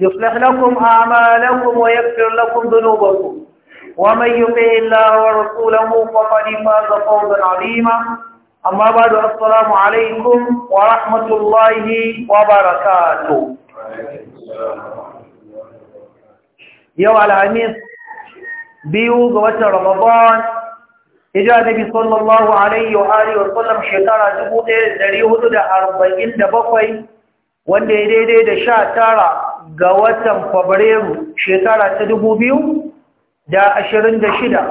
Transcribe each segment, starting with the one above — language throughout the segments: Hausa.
يصلح لكم أعمالكم ويغفر لكم ذنوبكم ومن يطع الله ورسوله فقد فاز فوزا عظيما أما بعد السلام عليكم ورحمة الله وبركاته يوم الخميس بيوض غوات رمضان إجا النبي صلى الله عليه وآله وسلم شكرا تبوته دريه أربعين دا وان دي ga watan fabrairu shekara ta dubu biyu da ashirin da shida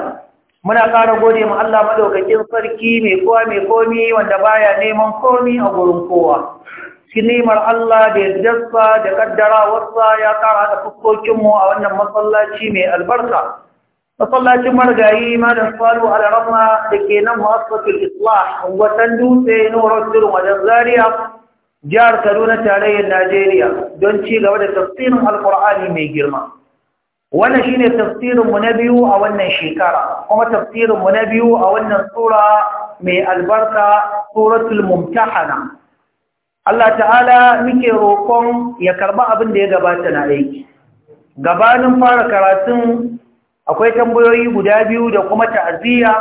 muna ƙara gode ma Allah maɗaukakin sarki mai kowa mai komi wanda baya neman komi a gurin kowa sinimar Allah da yardarsa da ƙaddarawarsa ya ƙara da fuskokinmu a wannan masallaci mai albarka masallacin margayi malam salu alarama da ke nan mu'assatul islah watan dutse nurar wajen zaria jihar Kaduna tarayyar Najeriya don ci gaba da tafsirin Alƙur'ani mai girma. Wannan shine tafsirin tafsirinmu na biyu a wannan shekara, kuma tafsirinmu na biyu a wannan tsura mai albarka suratul mumtahana. Allah ta'ala muke roƙon ya karɓi abin da ya gabata na aiki. Gabanin fara karatun akwai tambayoyi guda biyu da kuma ta'aziyya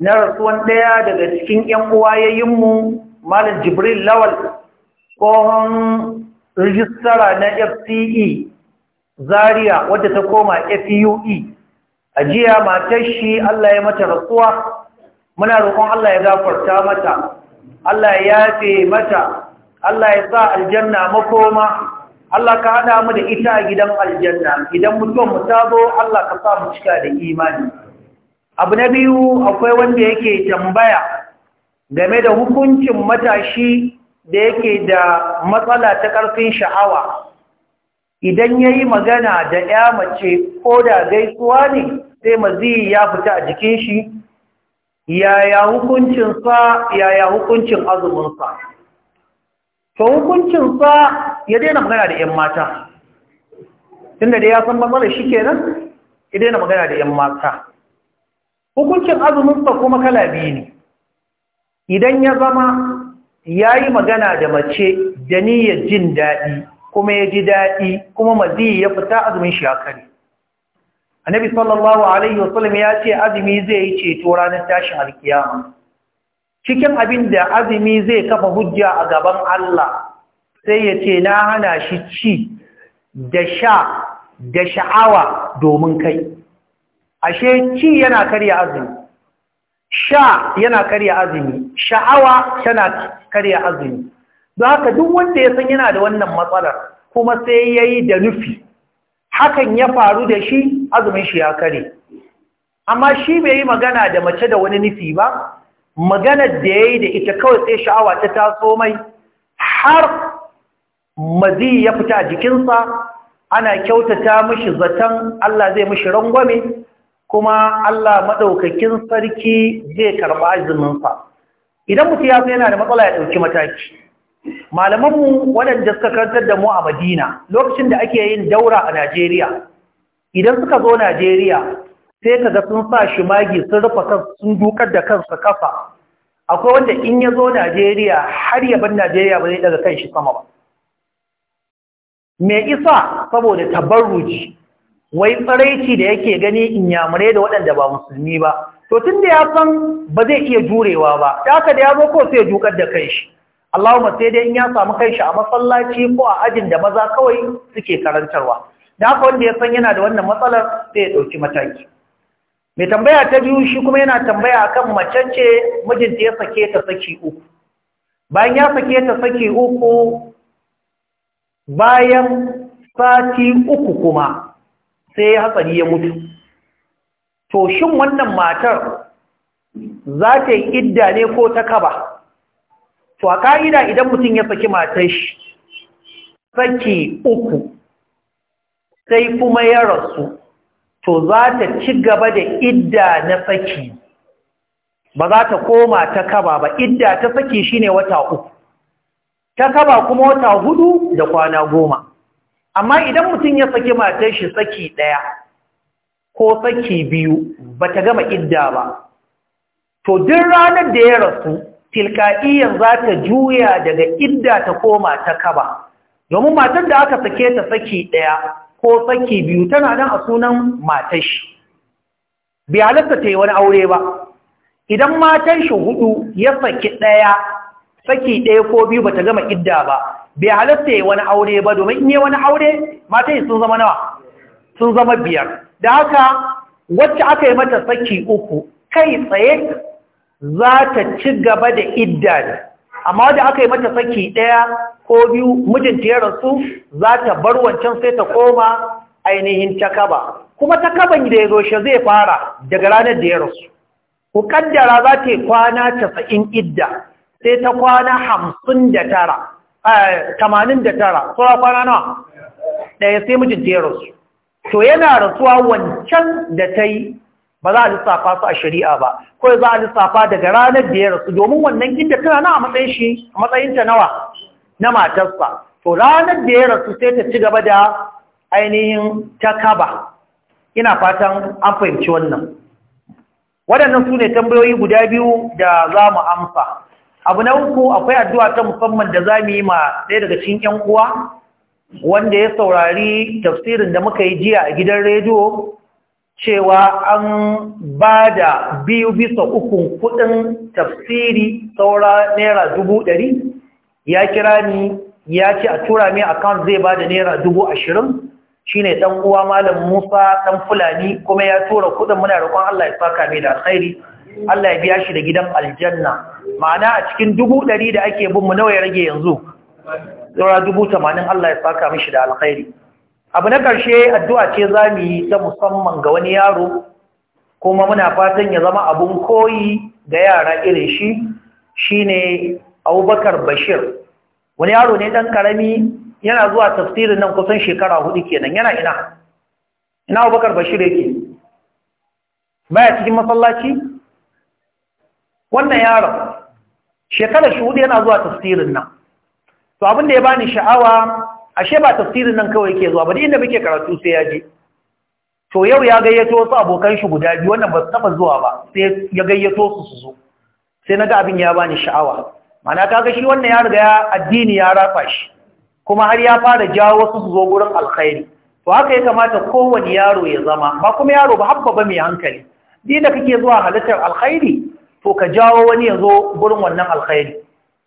na rasuwan ɗaya daga cikin ‘yan uwayayinmu Malin jibril lawal tsohon rijistara na fce zaria wadda ta koma fue a jiya matar shi allah ya mata rasuwa muna roƙon allah ya gafarta mata allah ya yafe mata allah ya sa aljanna makoma allah ka haɗa mu da ita a gidan aljanna idan mutum mu zo allah ka sa mu cika da imani abu na biyu akwai wanda yake tambaya game da hukuncin matashi da yake da matsala ta ƙarfin sha'awa idan ya yi magana da ya mace ko da gaisuwa ne sai mazi ya fita a jikin shi yaya hukuncinsa yaya hukuncin azuminsa to hukuncinsa ya daina magana da 'yan mata tunda da ya san matsalar shi kenan ya daina magana da 'yan mata hukuncin azuminsa kuma kala biyu ne idan ya zama ya yi magana da mace da niyyar jin daɗi kuma ya ji daɗi kuma mazi ya fita azumin shi a annabi sallallahu alaihi wasallam ya ce azumi zai yi ceto ranar tashin alkiyama cikin abin da azumi zai kafa hujja a gaban Allah sai ya ce na hana shi ci da sha da sha'awa domin kai ashe ci yana karya azumi sha yana karya azumi sha'awa tana karya azumi don haka duk wanda ya san yana da wannan matsalar kuma sai yayi da nufi hakan ya faru da shi azumin shi ya kare amma shi bai yi magana da mace da wani nufi ba maganar da ya yi da ita kawai sai sha'awa ta taso mai har mazi ya fita a jikinsa ana kyautata mishi zaton Allah zai mishi rangwame kuma Allah maɗaukakin sarki zai karɓa azuminsa idan mutum ya yana da matsala ya ɗauki mataki malamanmu waɗanda suka karantar da mu a madina lokacin da ake yin daura a najeriya idan suka zo najeriya sai ka ga sun sa shi shimagi sun rufa kan sun dukar da kansa kafa. akwai wanda in ya zo najeriya har ya bar najeriya ba zai daga kan shi sama ba me isa saboda tabarruji wai tsaraici da yake gani inyamurai da waɗanda ba musulmi ba to tun da ya san ba zai iya jurewa ba ta haka da ya zo ko sai jukar da kai shi Allahumma sai dai in ya samu kai shi a masallaci ko a ajin da maza kawai suke karantarwa da haka wanda ya san yana da wannan matsalar sai ya ɗauki mataki mai tambaya ta biyu shi kuma yana tambaya akan macen ce mijinta ya sake ta saki uku bayan ya sake ta saki uku bayan sati uku kuma sai ya ya mutu to shin wannan matar za ta yi idda ne ko ta kaba to a ka'ida idan mutum ya saki matar shi saki uku sai kuma ya rasu to za ta ci gaba da idda na saki ba za ta koma ta kaba ba idda ta saki shine wata uku ta kaba kuma wata hudu da kwana goma amma idan mutum ya saki matar shi saki ɗaya ko saki biyu ba ta gama idda ba to duk ranar da ya rasu tilka'iyyar za ta juya daga idda ta koma ta kaba domin matar da aka sake ta saki ɗaya ko saki biyu tana nan a sunan matar shi bai halatta ta yi wani aure ba idan matan shi hudu ya saki ɗaya saki ɗaya ko biyu bata gama idda ba bai halatta ya wani aure ba domin in yi wani aure mata sun zama nawa sun zama biyar da haka wacce aka yi mata saki uku kai tsaye za ta ci gaba da idda ne amma wadda aka yi mata saki ɗaya ko biyu mijinta ya rasu za ta bar wancan sai ta koma ainihin takaba kuma takaban da ya zo shi zai fara daga ranar da ya rasu ku kaddara za ta yi kwana casa'in idda sai ta kwana hamsin da tara eh, tamanin da tara tsora kwana nawa ɗaya sai mijinta ya rasu to yana rasuwa wancan da ta yi ba za a lissafa su a shari'a ba ko za a lissafa daga ranar da ya rasu domin wannan inda tana na matsayin shi a matsayinta nawa na matarsa to ranar da ya rasu sai ta ci gaba da ainihin ta kaba ina fatan an fahimci wannan waɗannan su ne tambayoyi guda biyu da za mu amsa abu na uku akwai addu'a ta musamman da za mu yi ma ɗaya daga cikin ‘yan uwa wanda ya saurari tafsirin da muka yi jiya a gidan rediyo cewa an ba da biyu bisa ukun kudin tafsiri saura naira dubu ɗari ya kira ni ya ce a tura min account zai ba da naira dubu ashirin shi ne ɗan uwa malam musa ɗan fulani kuma ya tura kuɗin muna roƙon allah ya saka mai da alkhairi allah ya biya shi da gidan aljanna ma'ana a cikin dubu ɗari da ake bin mu nawa ya rage yanzu tsora dubu tamanin Allah ya saka mishi da alkhairi abu na ƙarshe addu'a ce za mu yi ta musamman ga wani yaro kuma muna fatan ya zama abun koyi ga yara irin shi shine abubakar bashir wani yaro ne ɗan ƙarami yana zuwa tafsirin nan kusan shekara hudu kenan yana ina ina abubakar bashir yake baya cikin masallaci wannan yaron shekarar shuhudu yana zuwa tafsirin nan to abin da ya bani sha'awa ashe ba tafsirin nan kawai yake zuwa ba da inda muke karatu sai ya je to yau ya gayyato wasu abokan shi guda biyu wannan ba su taba zuwa ba sai ya gayyato su su zo sai naga abin ya bani sha'awa mana kaga shi wannan ya riga ya addini ya rafa shi kuma har ya fara jawo wasu su zo gurin alkhairi to haka ya kamata kowane yaro ya zama ba kuma yaro ba habba ba mai hankali ni da kake zuwa halittar alkhairi to ka jawo wani ya zo gurin wannan alkhairi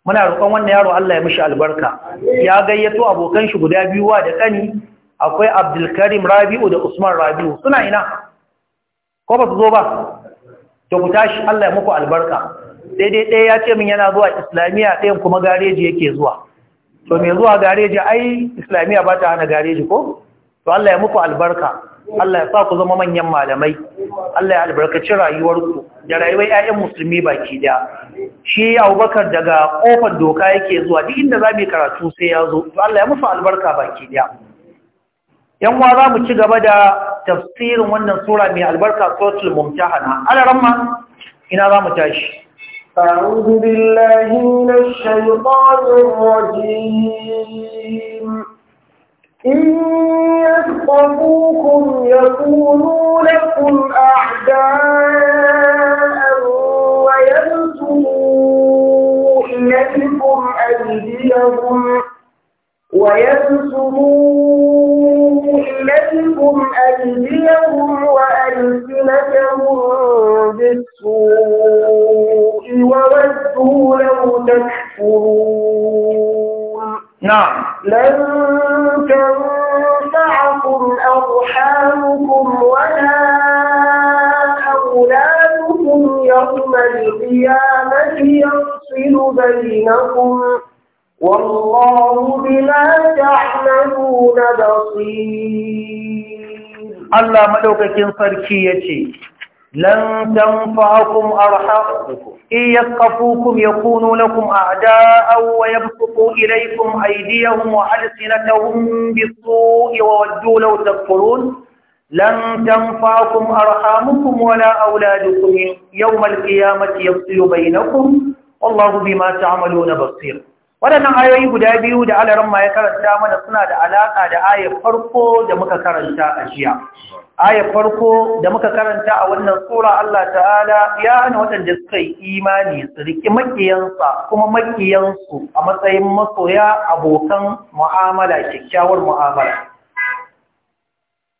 muna roƙon wannan yaro Allah ya mishi albarka ya gayyato abokan shi guda biyu wa da kani akwai Abdulkarim Rabi'u da Usman Rabi'u suna ina ko ba su zo ba to ku tashi Allah ya muku albarka dai ɗaya ya ce min yana zuwa Islamiyya ɗayan kuma gareji yake zuwa to me zuwa gareji ai Islamiyya ba ta hana gareji ko to Allah ya muku albarka Allah ya sa ku zama manyan malamai Allah ya albarkaci rayuwarku da rayuwar 'ya'yan musulmi baki ɗaya. shi Abubakar daga kofar doka yake zuwa duk inda za mu karatu sai ya zo to Allah ya musu albarka baki daya yan wa za mu ci gaba da tafsirin wannan sura mai albarka suratul mumtahana ramma ina za mu tashi أعوذ بالله من الشيطان الرجيم إن يثقفوكم يكونوا لكم أعداء ويبسموا إليكم أيديهم ويبسموا وألسنتهم بالسوء وودوا لو تكفرون نعم لن بينكم والله بما تعملون بصير Allah madaukakin sarki yace lan tanfa'akum arhaqukum iyaqafukum yakunu lakum a'da'a wa yabsutu ilaykum aydiyahum wa alsinatahum bis-su'i wa waddu law takfurun lan tanfa'akum arhamukum wa la auladukum yawm al-qiyamati yafsilu bainakum wallahu bima ta'maluna basir waɗannan ayoyi guda biyu da alaran ma ya karanta mana suna da alaƙa da ayar farko da muka karanta a jiya ayar farko da muka karanta a wannan tsura Allah ta'ala ya hana waɗanda suka yi imani su riki makiyansa kuma maƙiyansu a matsayin masoya abokan mu'amala kyakkyawar mu'amala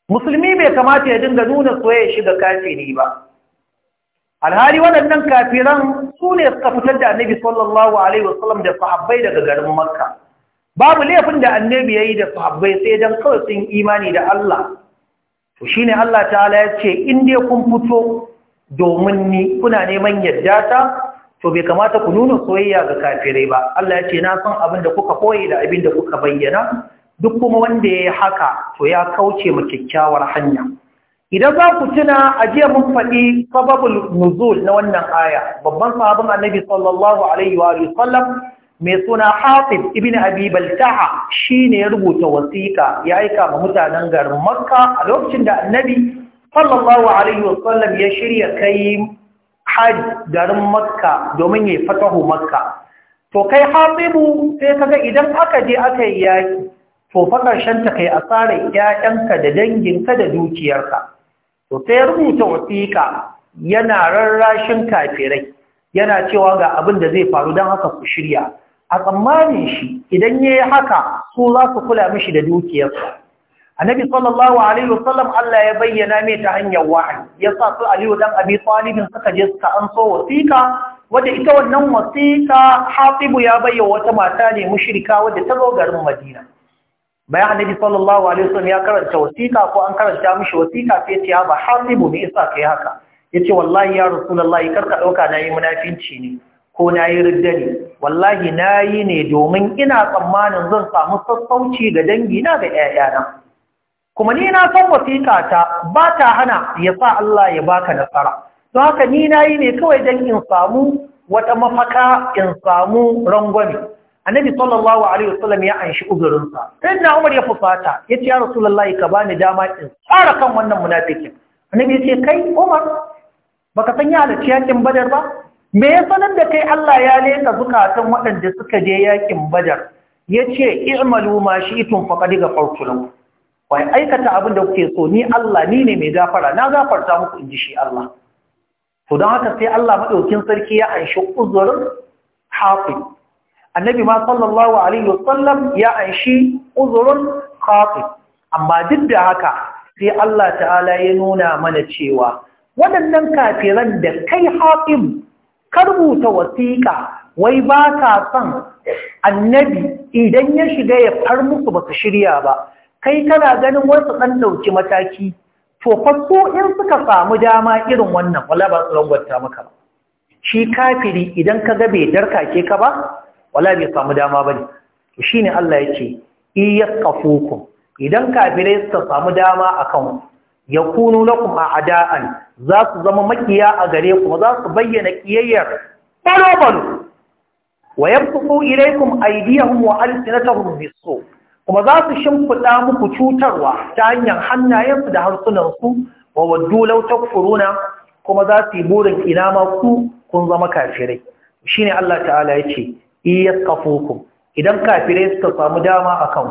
musulmi bai kamata ya dinga nuna soyayya shi ga kafiri ba alhali waɗannan kafiran su ne suka fitar da annabi sallallahu alaihi wasallam da sahabbai daga garin makka babu laifin da annabi ya yi da sahabbai sai don kawai sun imani da Allah to shi ne Allah ta'ala ya ce in dai kun fito domin ni kuna neman yadda ta to bai kamata ku nuna soyayya ga kafirai ba Allah ya ce na san abin da kuka koyi da abin da kuka bayyana duk kuma wanda ya yi haka to ya kauce ma kyakkyawar hanya idan za ku tuna a jiya mun faɗi sababul nuzul na wannan aya babban sahabin annabi sallallahu alaihi wa sallam mai suna Hafiz ibn Abi Baltaha shine ya rubuta wasiƙa ya aika ma mutanen garin Makka a lokacin da annabi sallallahu alaihi wa sallam ya shirya kai hajj garin Makka domin ya fatahu Makka to kai Hafibu sai kaga idan aka je aka yi yaki to fa karshen ta kai asarar 'ya'yanka da danginka da dukiyarka to sai rubuta wasiƙa yana rarrashin kafirai yana cewa ga abin da zai faru don haka ku shirya a tsammanin shi idan ya yi haka su za su kula mishi da dukiyarsa annabi sallallahu alaihi wasallam Allah ya bayyana mai ta hanyar wa'ayi ya sa su aliyu dan abi talibin suka je suka an so wasiƙa wadda ita wannan wasiƙa hatibu ya bayyana wata mata ne mushrika wadda ta zo garin madina bayan annabi sallallahu alaihi wasallam ya karanta wasiƙa ko an karanta mishi wasiƙa sai ya ba hasibu ne isa kai haka yace wallahi ya rasulullahi karka dauka nayi munafinci ne ko nayi ridda ne wallahi nayi ne domin ina tsammanin zan samu sassauci ga dangi na ga 'ya'yana. kuma ni na san wasiƙa ta ba ta hana ya sa Allah ya baka nasara To haka ni nayi ne kawai dan in samu wata mafaka in samu rangwame annabi sallallahu alaihi wasallam ya anshi uzurinsa sai na umar ya fufata ya ce ya rasulullahi ka bani dama in tsara kan wannan munafikin annabi ya ce kai umar baka san ya halarci yakin badar ba me ya sanar da kai Allah ya leka zukatan waɗanda suka je yakin badar ya ce i'malu ma shi'tum faqad ghafartu lakum wai aikata abin da kuke so ni Allah ni ne mai gafara na gafarta muku inji shi Allah to don haka sai Allah maɗaukin sarki ya anshi uzurin hafi annabi ma sallallahu alaihi wasallam ya anshi uzurun khatib amma duk da haka sai Allah ta'ala ya nuna mana cewa waɗannan kafiran da kai haƙim karbuta wasiƙa wai ba ka son annabi idan ya shiga ya far musu ba su shirya ba kai kana ganin wasu ɗan ɗauki mataki to faso in suka samu dama irin wannan wala ba su rangwata maka ba shi kafiri idan ka ga bai darka ke ka ba wala bai samu dama ne. to ne Allah yace iyaqafukum idan kafirai suka samu dama akan yakunu a a'da'an za su zama makiya a gare ku za su bayyana kiyayyar balo-balo wa yabsutu ilaykum aydiyahum wa alsinatahum bis-su kuma za su shimfiɗa muku cutarwa ta hanyar hannayensu da harsunansu wa waddu law kuma za su yi burin ina ma ku kun zama kafirai shine Allah ta'ala yace iya kafoku idan kafirai suka samu dama a kan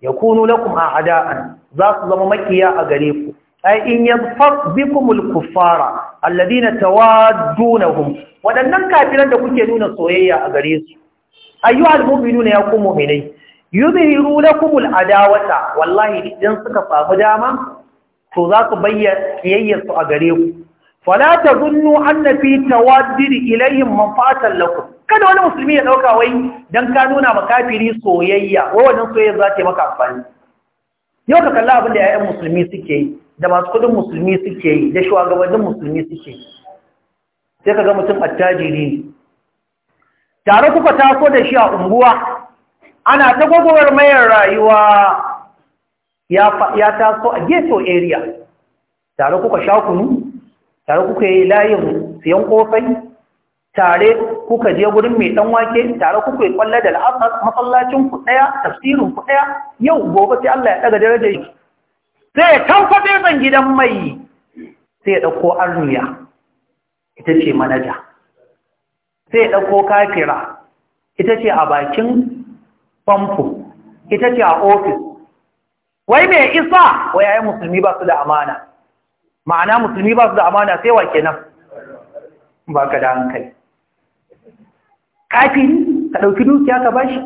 ya kunu lakum a ada'an za su zama makiya a gare ku ai in yadfaq bikumul kuffara alladhina tawaddunahum Waɗannan kafiran da kuke nuna soyayya a gare su ayyuhal mu'minuna ya ku mu'minai yuzhiru lakumul adawata wallahi idan suka samu dama to za su bayyana siyayyarsu su a gare ku fala ta zunnu na fi tawadiri ilayin kada wani musulmi ya ɗauka wai don ka nuna makafiri soyayya wai soyayya za ta maka amfani yau ka kalla abin da 'ya'yan musulmi suke yi da masu kudin musulmi suke yi da shugabannin musulmi suke yi sai ka ga mutum attajiri ne tare kuka taso da shi a unguwa ana ta gwagwar mayar rayuwa ya taso a ghetto area tare kuka sha kunu tare kuka yi layin siyan kofai tare kuka je gurin mai dan wake tare kuka yi kwallo da al'asar masallacin ku daya tafsirin ku daya yau gobe sai Allah ya daga darajar ki sai ya tamfaɗe zan gidan mai sai ya ɗauko arniya ita ce manaja sai ya ɗauko kafira ita ce a bakin famfo ita ce a ofis wai mai isa wai yayin musulmi ba su da amana ma'ana musulmi ba su da amana sai wa kenan ba ka da hankali kafiri ka ɗauki dukiya ka bashi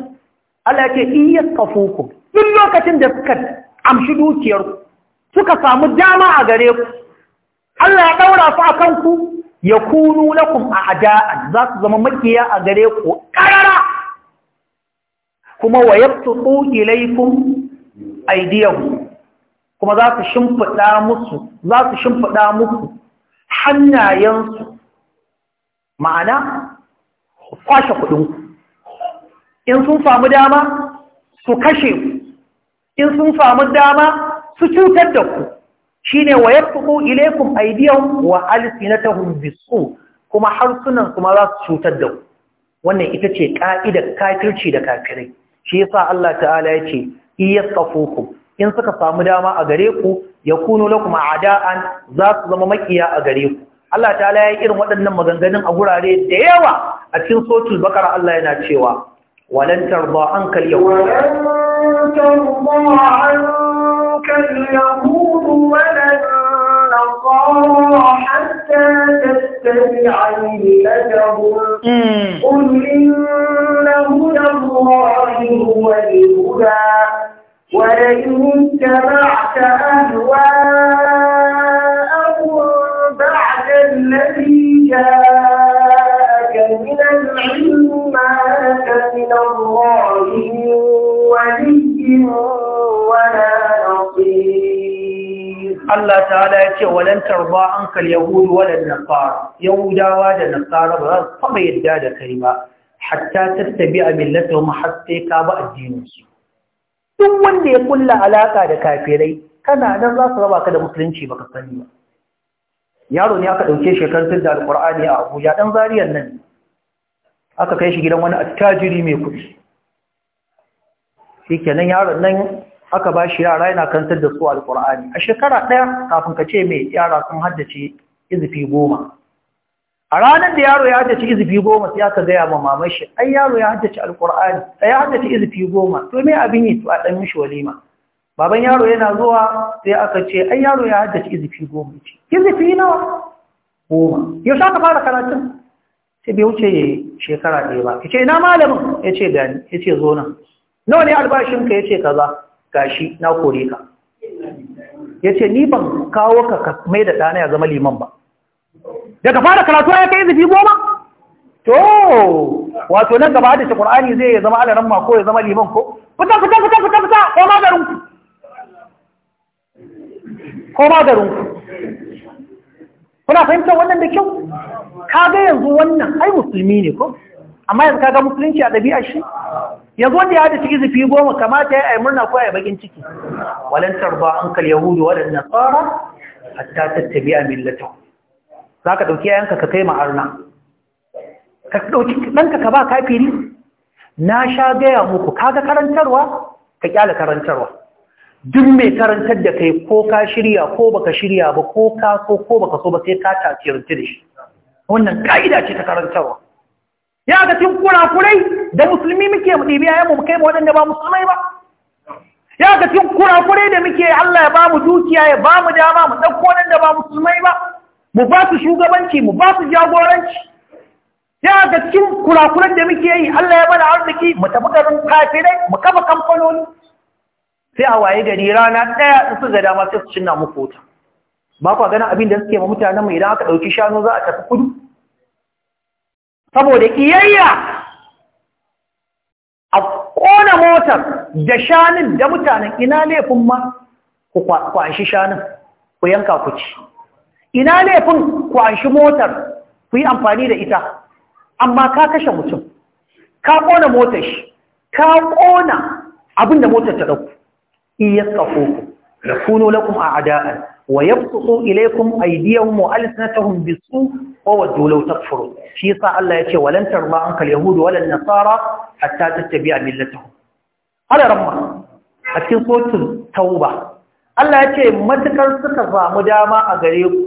Allah ce iya ku duk lokacin da suka amshi dukiyar suka samu dama a gare ku Allah ya ɗaura su a kanku ya kunu lakum a ada'an za su zama makiya a gare ku ƙarara kuma wa yabtu tsoki laifin aidiyan kuma za su shimfiɗa musu za su shimfiɗa muku hannayensu ma'ana kwashe kuɗinku in sun samu dama su kashe ku in sun samu dama su cutar da ku shi ne wa ku, ilaikum aidiyan wa tahun bisu kuma harsunan kuma za su cutar da ku wannan ita ce ka'idar kafirci da kafirai shi yasa Allah ta'ala ya ce iyyasafukum in suka samu dama a gare ku ya yakunu lakum a'da'an za su zama makiya a gare ku Allah Ta ya yi irin waɗannan maganganun a gurare da yawa a cikin sotul bakara Allah yana cewa walan tarda ankal yahud walan tarda ankal yahud walan nasara hatta tattabi'a millatahum hmm. qul inna hudallahi huwal huda ولئن اتبعت أهواءهم بعد الذي جاءك من العلم ما لك من الله ولي ولا نصير الله تعالى يقول ولن ترضى عنك اليهود ولا النصارى يهودا ولا النصارى طب يدادك لما حتى تتبع ملتهم حتى كاب الدين duk wanda ya kulla alaka da kafirai kana nan za su raba ka da musulunci baka sani ba yaro ne aka ɗauke shi kan da alkur'ani a Abuja dan zariyan nan aka kai shi gidan wani attajiri mai kuɗi kenan yaron nan aka ba shi yara yana kantar da su alkur'ani a shekara ɗaya kafin ka ce mai yara sun haddace izifi goma a ranar da yaro ya haddace izifi goma sai aka gaya ma mamashi. shi ai yaro ya haddace alƙur'ani, sai ya haddace izifi goma to mai abin yi a ɗan mishi walima baban yaro yana zuwa sai aka ce ai yaro ya haddace izifi goma ce izifi nawa goma yaushe ka fara karatun sai bai wuce shekara ɗaya ba ya ce ina malamin ya ce gani ya ce zo nan nawa ne albashinka ya ce kaza gashi na kore ka ya ce ni ban kawo ka mai da ɗana ya zama liman ba daga fara karatu ya kai izifi goma to wato nan gaba da shi ƙur'ani zai zama alaran ko ya zama liman ko fita fita fita fita fita ko ma ku ko ma ku kuna fahimtar wannan da kyau ka ga yanzu wannan ai musulmi ne ko amma yanzu ka ga musulunci a ɗabi'ar shi yanzu wanda ya haɗa ciki zafi goma kamata ya yi murna ko ya bakin ciki walantar ba an kal yahudu waɗanda tsara hatta a millatahu za ka ɗauki yayanka ka kai ma'arna ka ɗauki ɗanka ka ba kafiri na sha gaya muku kaga karantarwa ka ƙyala karantarwa duk mai karantar da kai ko ka shirya ko baka shirya ba ko ka so ko baka so ba sai ka tasirinci da shi wannan ka'ida ce ta karantarwa ya ga cin kurakurai da musulmi muke mu ɗibi yayan mu kai waɗanda ba musulmai ba ya ga cin kurakurai da muke Allah ya ba mu dukiya ya ba mu dama mu ɗauko waɗanda ba musulmai ba mu ba su shugabanci mu ba su jagoranci ya ga cikin kurakuran da muke yi Allah ya bada arziki mu tafi garin kafirai mu kafa kamfanoni sai a waye gari rana ɗaya su ga dama sai su cinna muku wuta ba kwa ganin abin da suke ma mutanen mu idan aka ɗauki shanu za a tafi kudu saboda ƙiyayya a ƙona motar da shanun da mutanen ina laifin ma ku kwashi shanun ku yanka ku ci ina laifin ku an shi motar ku yi amfani da ita amma ka kashe mutum ka ƙona motar shi ka ƙona abin da motar ta ɗauku iya tsako da kuno lakum a ada'an wa yabsutu ilaykum aydiyahum wa alsinatahum bisu wa waddu law takfurun shi yasa Allah yace ce walan tarma anka alyahud wala nasara hatta tattabi'a millatahum ala ramma a cikin sotun tauba Allah yace ce matukar suka samu dama a gare ku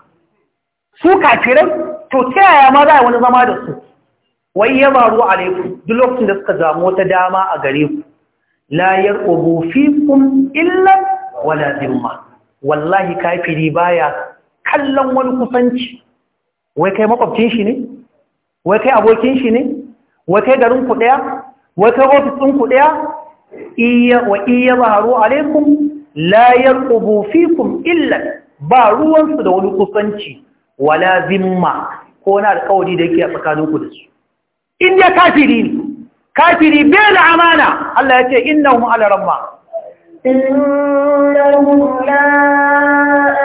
su kafirai to ta yaya ma za a wani zama da su wai ya maru alaikum duk lokacin da suka zamo wata dama a gare ku la yarqubu fikum illa wala dhimma wallahi kafiri baya kallon wani kusanci wai kai makwabcin shi ne wai kai abokin shi ne wai kai garin ku daya wai kai ofis din ku daya iya wa iya maru alaikum la yarqubu fikum illan ba ruwansu da wani kusanci wala zimma ko wani alƙawari da yake a ku da su in dai kafiri ne kafiri bai da amana Allah ya ce innahum ala ramma innahum la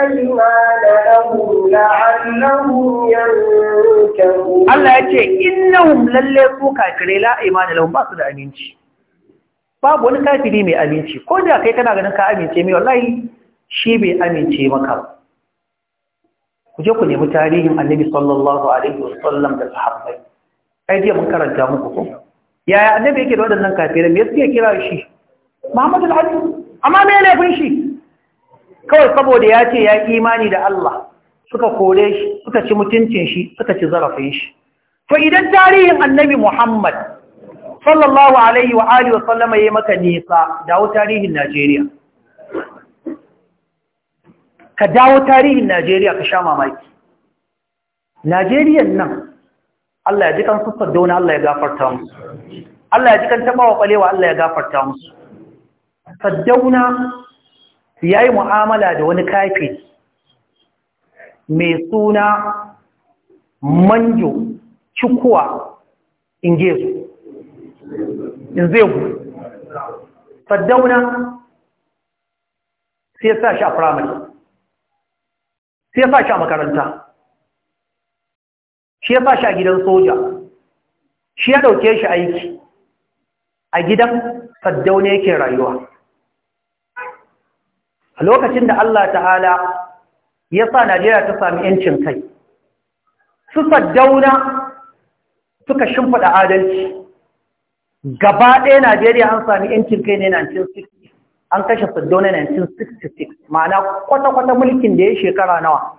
aymana lahum la'annahum yankahun Allah ya ce innahum lalle su kafire la aymana lahum ba su da aminci babu wani kafiri mai aminci ko da kai kana ganin ka amince mai wallahi shi bai amince maka ba ku je ku nemi tarihin annabi sallallahu alaihi wasallam da sahabbai ai jiya mun karanta muku ko yaya annabi yake da waɗannan kafirai me suke kira shi Muhammadu al-Hadi amma me ne shi kawai saboda ya ce ya imani da Allah suka kore shi suka ci mutuncin shi suka ci zarafin shi to idan tarihin annabi Muhammad sallallahu alaihi wa alihi wa yayi maka nisa da tarihin Najeriya ka dawo tarihin Najeriya ka sha mamaki Najeriyan nan Allah ya ji kan sussar Allah ya gafarta musu Allah ya ji kan tabawa ƙwalewa Allah ya gafarta musu Saddauna ya yi mu'amala da wani kafi mai suna manjo cikuwa in inzegu saddauna sai sa shi a firamare sai ya sa shi a makaranta shi ya sa shi a gidan soja shi ya ɗauke shi aiki a gidan saddaune yake rayuwa a lokacin da Allah ta'ala ya sa Najeriya ta sami ‘yancin kai su saddauna suka shimfiɗa adalci gaba ɗaya Najeriya an sami ‘yancin kai ne 1960 an kashe Sardauna 1966 ma'ana kwata-kwata mulkin da ya shekara nawa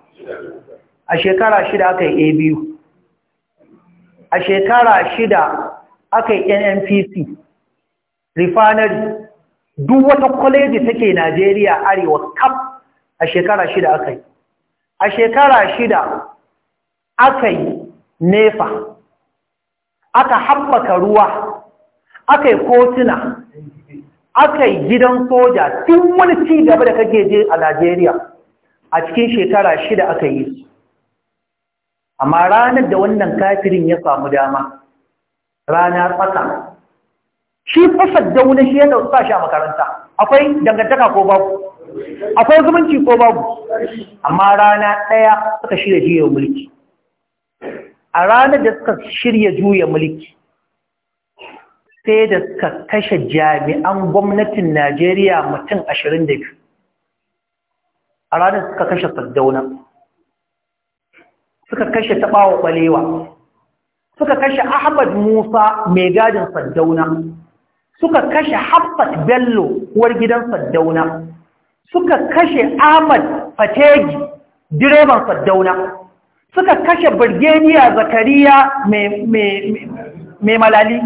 a shekara shida aka yi abu a shekara shida aka yi nnpc refinery duk wata kwaleji take najeriya arewa kaf a shekara shida aka yi a shekara shida aka yi nefa aka haɓaka ruwa aka yi kotuna aka yi gidan soja tun wani ci gaba da kake je a Najeriya a cikin shekara shida aka yi su. Amma ranar da wannan kafirin ya samu dama, rana tsaka. Shi fasar wani shi yana sa shi a makaranta, akwai dangantaka ko babu, akwai zumunci ko babu, amma rana ɗaya suka shirya juya mulki. A ranar da suka shirya juya mulki, sai da suka kashe jami'an gwamnatin Najeriya mutum ashirin da biyu. a ranar suka kashe saddauna suka kashe taɓawa ɓalewa suka kashe Ahmad Musa mai gadin saddauna suka kashe Haffat Bello uwar gidan saddauna suka kashe Ahmad Fategi direban saddauna suka kashe Birgeniya Zakariya mai malali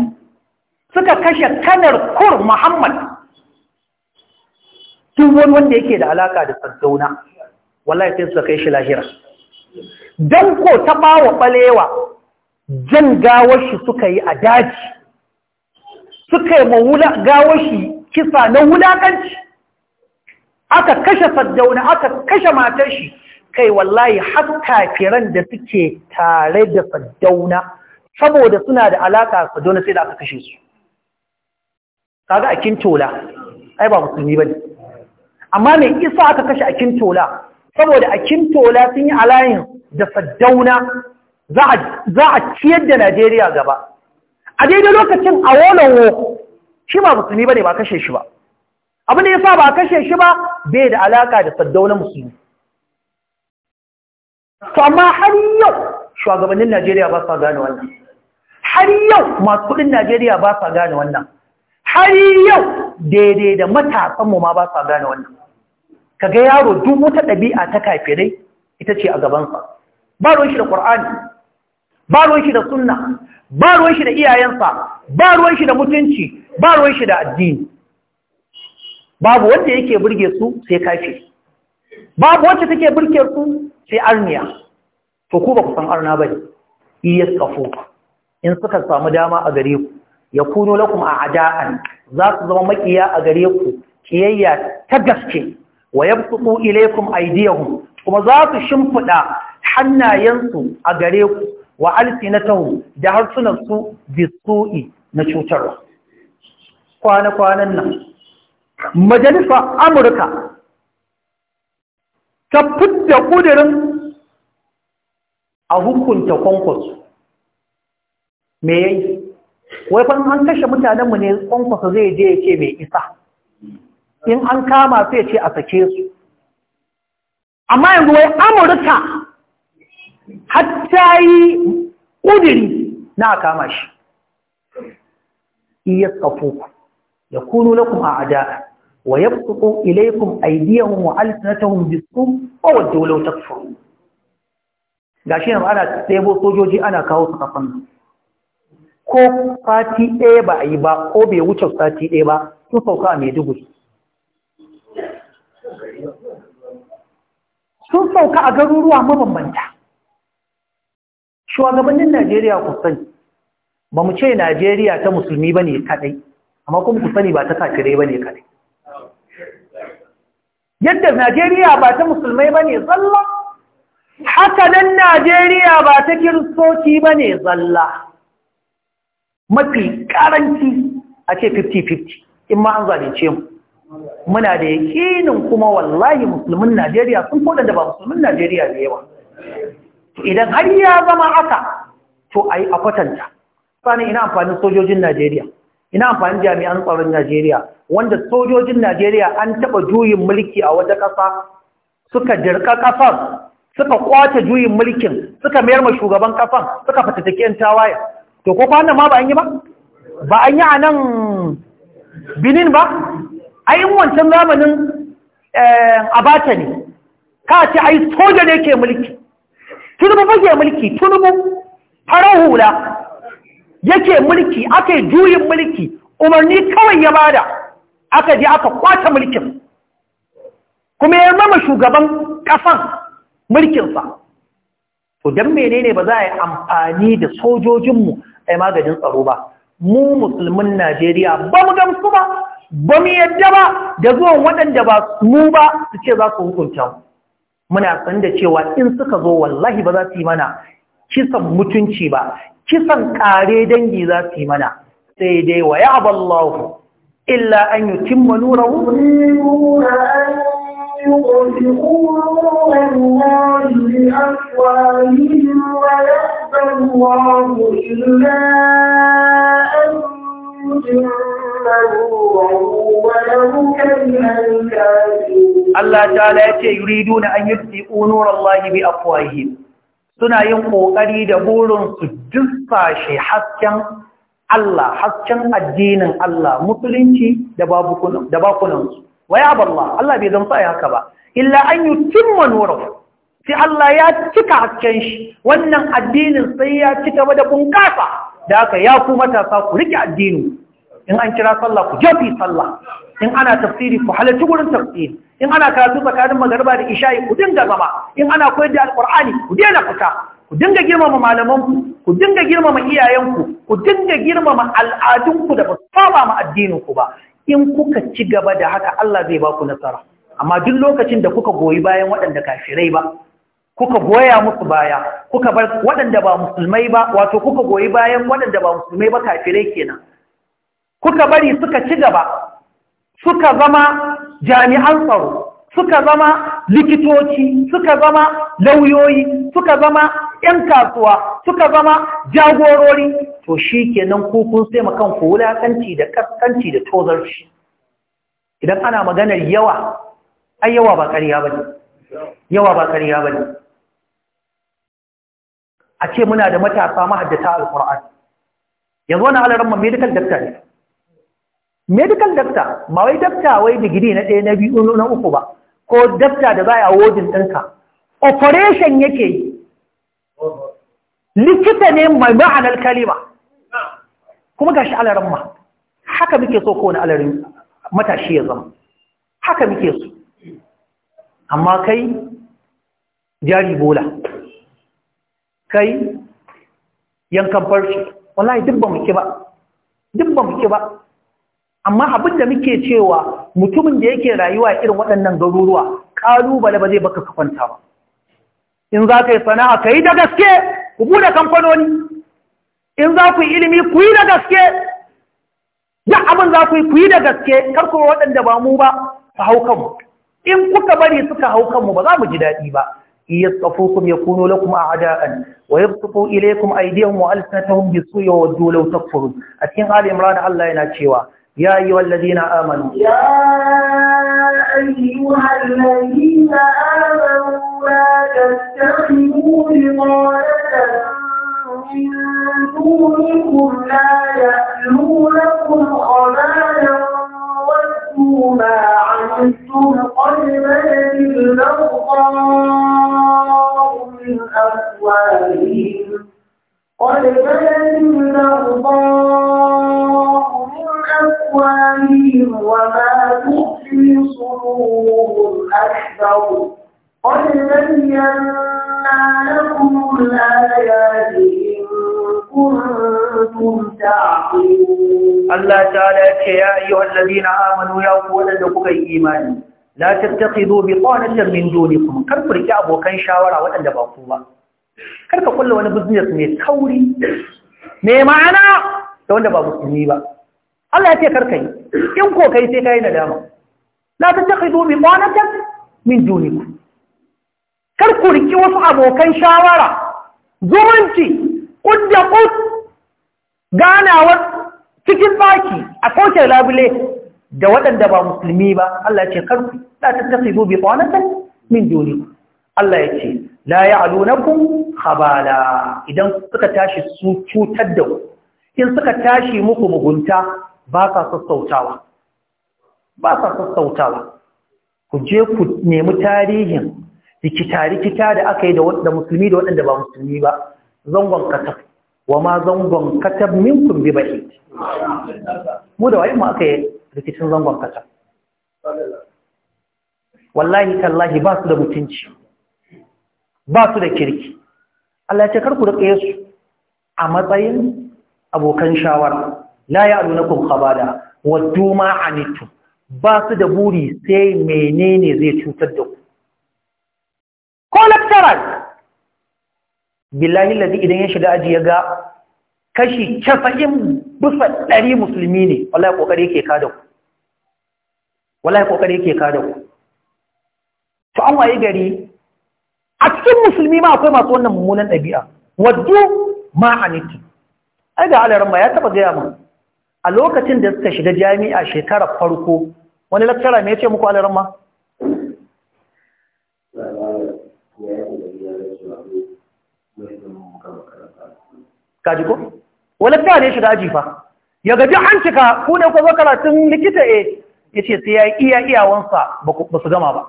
suka kashe kanar kur muhammad duk wani wanda yake da alaka da sardauna wallahi sai suka kai shi lahira don ko ta wa balewa jan gawar suka yi a daji suka yi mawula gawashi kisa na wulakanci aka kashe sardauna aka kashe matar shi kai wallahi har kafiran da suke tare da saddauna saboda suna da alaka saddauna sai da aka kashe su kaga a kintola ai ba musulmi bane amma me isa aka kashe a kintola saboda a kintola sun yi alayin da saddauna za a ciyar da Najeriya gaba a daidai lokacin a wo shi ba musulmi bane ba kashe shi ba abin da yasa ba kashe shi ba bai da alaka da saddauna musulmi to amma har yau shugabannin Najeriya ba sa gane wannan har yau masu kudin Najeriya ba sa gane wannan har yau daidai da matasanmu ma ba sa gane wannan kaga yaro duk wata ɗabi'a ta kafirai ita ce a gabansa ba ruwan shi da ƙur'ani ba ruwan shi da sunna ba ruwan shi da iyayensa ba ruwan shi da mutunci ba ruwan shi da addini babu wanda yake burge su sai kafi babu wacce take burge su sai arniya to ku ba ku san arna bane iyaskafu in suka samu dama a gare ku Ya kuno lakum ajaan za su zama makiya a gare ku kiyayya ta gaske wa ya fito ilaikum aydiyahum kuma za su shimfida hannayensu a gare ku wa alsinatahum da su bisu'i na cutarwa kwana-kwanan nan majalisar amurka ta fidda kudirin a hukunta kwankwasu me yayi wai fa an kashe mutanen mu ne kwankwasa zai je ya ce mai isa in an kama sai ce a sake su amma yanzu wai amurka hatta yi ƙudiri na kama shi iya tsafo ya kunu kuma a da'a wa ya fuku ilaikun aidiyan wa alisinatahun bisku ko wadda wulautar takfuru ga shi ba ana tsebo sojoji ana kawo su kafan nan ko sati ɗaya ba a yi ba ko bai wuce sati ɗaya ba sun sauka a maiduguri sun sauka a garuruwa mabambanta shugabannin najeriya ku sani ba mu ce najeriya ta musulmi ba ne kadai amma kuma ku sani ba ta kafirai ba ne kadai yadda najeriya ba ta musulmai ba ne zalla haka nan najeriya ba ta kiristoci ba ne zalla mafi karanci a ce 50-50 in ma an zalunce mu muna da yakinin kuma wallahi musulmin Najeriya sun koda da ba musulmin Najeriya da yawa idan har ya zama haka to ai a kwatanta sani ina amfanin sojojin Najeriya ina amfanin jami'an tsaron Najeriya wanda sojojin Najeriya an taba juyin mulki a wata kasa suka dirka kasar suka kwace juyin mulkin suka mayar ma shugaban ƙasar suka fatattake to ko kwanan ma ba an yi ba ba an yi a nan benin ba a yi wancan zamanin eh, abata ne ka ce a yi soja ne ke mulki tunubu ba ke mulki tunubu farar hula yake mulki aka yi juyin mulki umarni kawai ya bada aka ji aka kwata mulkin kuma ya zama shugaban kasan mulkinsa to don menene ba za a yi amfani da sojojinmu ai maganin tsaro ba mu musulmin Najeriya ba mu gamsu ba ba mu yadda ba da zuwan waɗanda ba mu ba su ce za su hukunta muna san da cewa in suka zo wallahi ba za su yi mana kisan mutunci ba kisan kare dangi za su yi mana sai dai wa ya aballahu illa an yutimma nurahu يُقْسِطُونَ اللَّهِ الله إلا أن Allah ta'ala ya ce yuridu na an yi nurar Allah bi afuwahi suna yin ƙoƙari da burinsu dufa shi hasken Allah hasken addinin Allah musulunci da bakunansu Wai aballah Allah Allah bai sa ya haka ba illa an yi cimma nurar sai Allah ya cika hasken shi wannan addinin sai ya ci gaba da bunƙasa da aka ya ku matasa ku rike addini in an kira sallah ku jefi sallah in ana tafsiri ku halarci gurin tafsiri in ana karatu tsakanin magariba da isha'i ku dinga zama in ana koyar da alƙur'ani ku daina fita ku dinga girmama malamanku ku dinga girmama iyayenku ku dinga girmama al'adunku da ba saba ma addininku ba in kuka ci gaba da haka Allah zai ba ku nasara amma duk lokacin da kuka goyi bayan waɗanda kafirai ba kuka goya musu baya kuka bar waɗanda ba musulmai ba wato kuka goyi bayan waɗanda ba musulmai ba kafirai kenan kuka bari suka ci gaba suka zama jami'an tsaro suka zama likitoci suka zama lauyoyi suka zama 'yan kasuwa suka zama jagorori to shi kenan kukun sai makan ku kanci da kaskanci da tozarci idan ana maganar yawa ai yawa ba ƙarya ba yawa ba ƙarya ba a ce muna da matasa mahaddata alqur'ani yanzu wani halarar ma medical doctor ne medical doctor ba wai doctor wai digiri na ɗaya na biyu na uku ba ko doctor da za a wodin ɗinka operation yake yi likita ne mai ma'anar kalima kuma shi halarar ma haka muke so kowane matashi ya zama haka muke so amma kai jari bola kai yankan farshi wallahi duk ba muke ba duk ba muke ba amma abin da muke cewa mutumin da yake rayuwa irin waɗannan garuruwa ƙalubale ba zai baka kwanta ba in za ka yi sana'a ka yi da gaske ku buɗe kamfanoni in za ku yi ilimi ku yi da gaske ya abin za ku yi ku yi da gaske ku waɗanda ba mu ba su hau kanmu in kuka bari suka hau kanmu ba za mu ji daɗi ba يصطفوكم يكونوا لكم أعداء ويبسطوا إليكم أيديهم وألسنتهم بسوء وودوا لو تكفرون أتين آل إمران الله يناتشيوا يا أيها الذين آمنوا يا أيها الذين آمنوا لا تستخدموا لغاية من دونكم لا يألونكم خبالا مَا عَنِتُّمْ قَدْ بَدَتِ الْبَغْضَاءُ مِنْ أَفْوَاهِهِمْ قَدْ بَدَتِ مِنْ أَفْوَاهِهِمْ وَمَا تُخْفِي صُدُورُهُمْ أَكْبَرُ قَدْ بَيَّنَّا لَكُمُ الْآيَاتِ kuntum ta'qilun Allah ta'ala ce ya ayyuhal ladina amanu ya ku wadanda kuka yi imani la tattakhidu bi qanatan min dunikum kar ku riki abokan shawara waɗanda ba ku ba kar ka kulla wani business mai tauri mai ma'ana da wanda ba musulmi ba Allah ya ce kar yi, in ko kai sai ka kai nadama la tattakhidu bi qanatan min dunikum kar ku riki wasu abokan shawara zumunci kud da ganawar cikin baki a kauce labule da waɗanda ba musulmi ba Allah ya ce tafi la ba wani qanatan min duni Allah ya ce la ya'lunakum habala. idan suka tashi su cutar da ku in suka tashi muku mugunta ba sa sassautawa ba sa sassautawa ku je ku nemi tarihin rikita-rikita da aka yi da musulmi da waɗanda ba musulmi ba zangon katab wa ma zangon katab minkum bi ba'id mu da wai mu aka yi rikicin zangon katab wallahi tallahi ba su da mutunci ba su da kirki Allah ya ce karku da kayesu a matsayin abokan shawara la ya'lunakum khabada wa duma anitu ba su da buri sai menene zai cutar da ku ko billahi ladi idan ya shiga aji ya ga kashi casa'in bisa ɗari musulmi ne wallahi ƙoƙari yake kada ku wallahi yake kada ku to an waye gari a cikin musulmi ma akwai masu wannan mummunan ɗabi'a waddu ma aniti ai ga alaran ya taba gaya mu a lokacin da suka shiga jami'a shekarar farko wani lakcara me ya ce muku alaran ma kaji ko walatta ne shi da aji fa ya gaji an cika ku ne ko zo karatun likita eh yace sai ya iya iyawansa ba su gama ba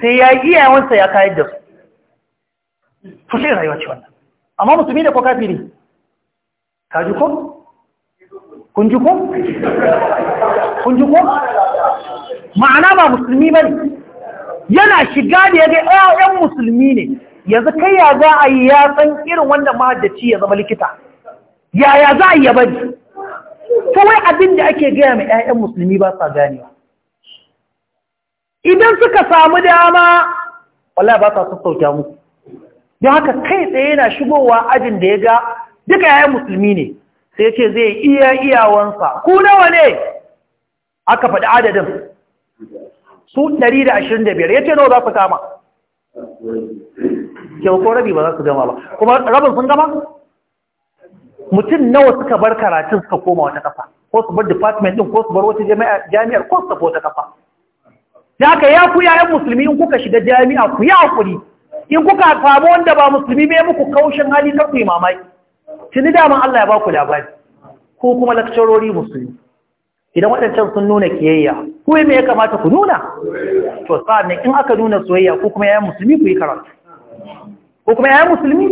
sai ya yi iyawansa ya kayar da su to sai rayuwa ce wannan amma musulmi da ko kafiri kaji ko kun ji ko kun ji ko ma'ana ba musulmi bane yana shiga da ya ga ƴan musulmi ne yanzu kai ya za a yi ya san irin wannan mahaddaci ya zama likita yaya za a yi ya bari ta wai abin da ake gaya mai 'ya'yan musulmi ba sa ganewa idan suka samu dama wallah ba sa sassauta mu don haka kai tsaye yana shigowa ajin da ya ga duka 'ya'yan musulmi ne sai ce zai iya iyawansa ku nawa ne aka faɗi adadin su biyar ya ce nawa za su kama ko rabi ba za su gama ba kuma rabin sun gama mutum nawa suka bar karatun suka koma wata kafa ko su bar department din ko su bar wata jami'ar ko su tafi wata kafa da aka ya ku yayan musulmi in kuka shiga jami'a ku yi hakuri in kuka samu wanda ba musulmi bai muku kaushin hali kar ku yi mamaki tuni daman Allah ya ba ku labari ko kuma lakcarori musulmi idan waɗancan sun nuna kiyayya ku me ya kamata ku nuna to sa'an in aka nuna soyayya ko kuma yayan musulmi ku yi karatu ko kuma yayin musulmi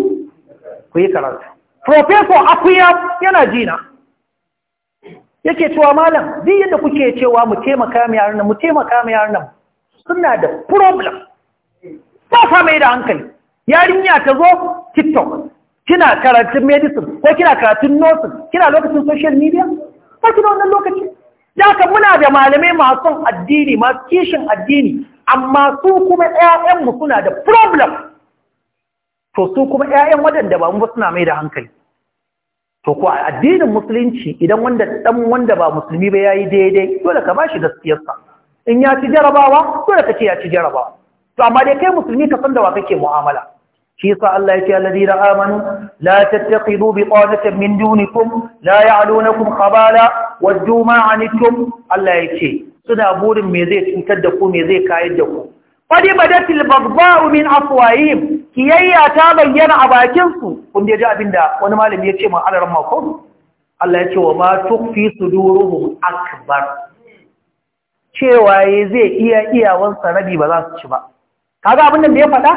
ku yi karanta. professor akuya yana jina yake cewa malam duk yadda kuke cewa mu taimaka mu yaran nan mu taimaka mu yaran nan suna da problem ba sa mai da hankali yarinya ta zo tiktok kina karatun medicine ko kina karatun nursing kina lokacin social media ba kina wannan lokaci ya ka muna da malamai masu addini masu kishin addini amma su kuma 'ya'yanmu suna da problem to su kuma 'ya'yan waɗanda ba mu suna mai da hankali to ko a addinin musulunci idan wanda wanda ba musulmi ba yayi daidai dole ka bashi gaskiyarsa in ya ci jarabawa dole ka ce ya ci jarabawa to amma dai kai musulmi ka san da wa kake mu'amala shi yasa Allah yake alladina amanu la tattaqidu biqanatan min dunikum la ya'lunukum khabala wajju ma anitum Allah ya ce suna burin me zai cutar da ku me zai kayar da ku qad badatil baghdha'u min afwahihim kiyayya ta bayyana a bakin su kun je da wani malami ya ce mun alaran makon? Allah ya ce wa ma tukfi suduruhum akbar cewa zai iya iya iyawan sanabi ba za su ci ba kaga abin da ya faɗa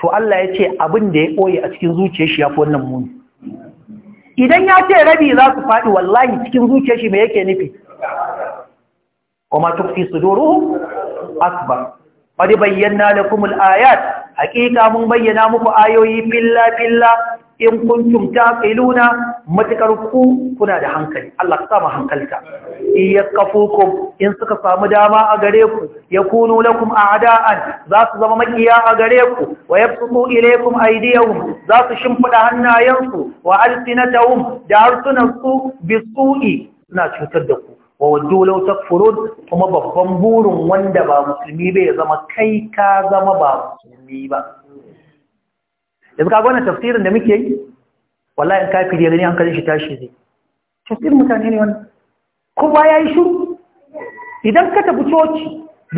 to Allah ya ce abin da ya ɓoye a cikin zuciyar shi ya fi wannan muni idan ya ce rabi za su faɗi wallahi cikin zuciyar shi mai yake nufi wa ma tukfi suduruhum akbar قد بينا لكم الآيات حقيقة من بينا مكو آيوي بالله بالله إن كنتم تعقلون متكرفوا كنا ده حنكل الله قام حنكلك يقفوكم إن سكسام داما أغريكم يكونوا لكم أعداء ذات زمامك إيا أغريكم ويبسطوا إليكم أيديهم ذات شمفد هنا ينصوا وألسنتهم دارتنا السوء بالسوء لا تشتردكم wa waddu law takfurun kuma babban burin wanda ba musulmi bai zama kai ka zama ba musulmi ba yanzu ka gwana tafsirin da muke yi wallahi in kafiri ya gani hankalin shi tashi ne tafsirin mutane ne wannan kuma ya yi shuru idan ka tafi coci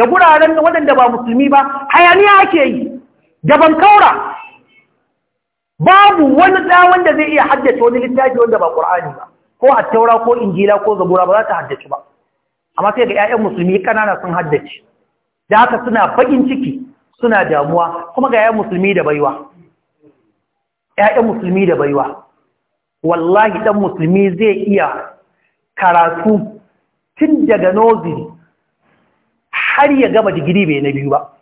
da guraren waɗanda ba musulmi ba hayaniya ake yi da kaura. babu wani tsawon da zai iya haddace wani littafi wanda ba ƙur'ani ba ko a taura ko injila ko zabura ba za ta haddace ba amma sai ga 'ya'yan musulmi kanana sun haddace da haka suna bakin ciki suna damuwa kuma ga 'ya'yan musulmi da baiwa 'ya'yan musulmi da baiwa wallahi dan musulmi zai iya karatu tun daga noziri har ya gama digiri bai na biyu ba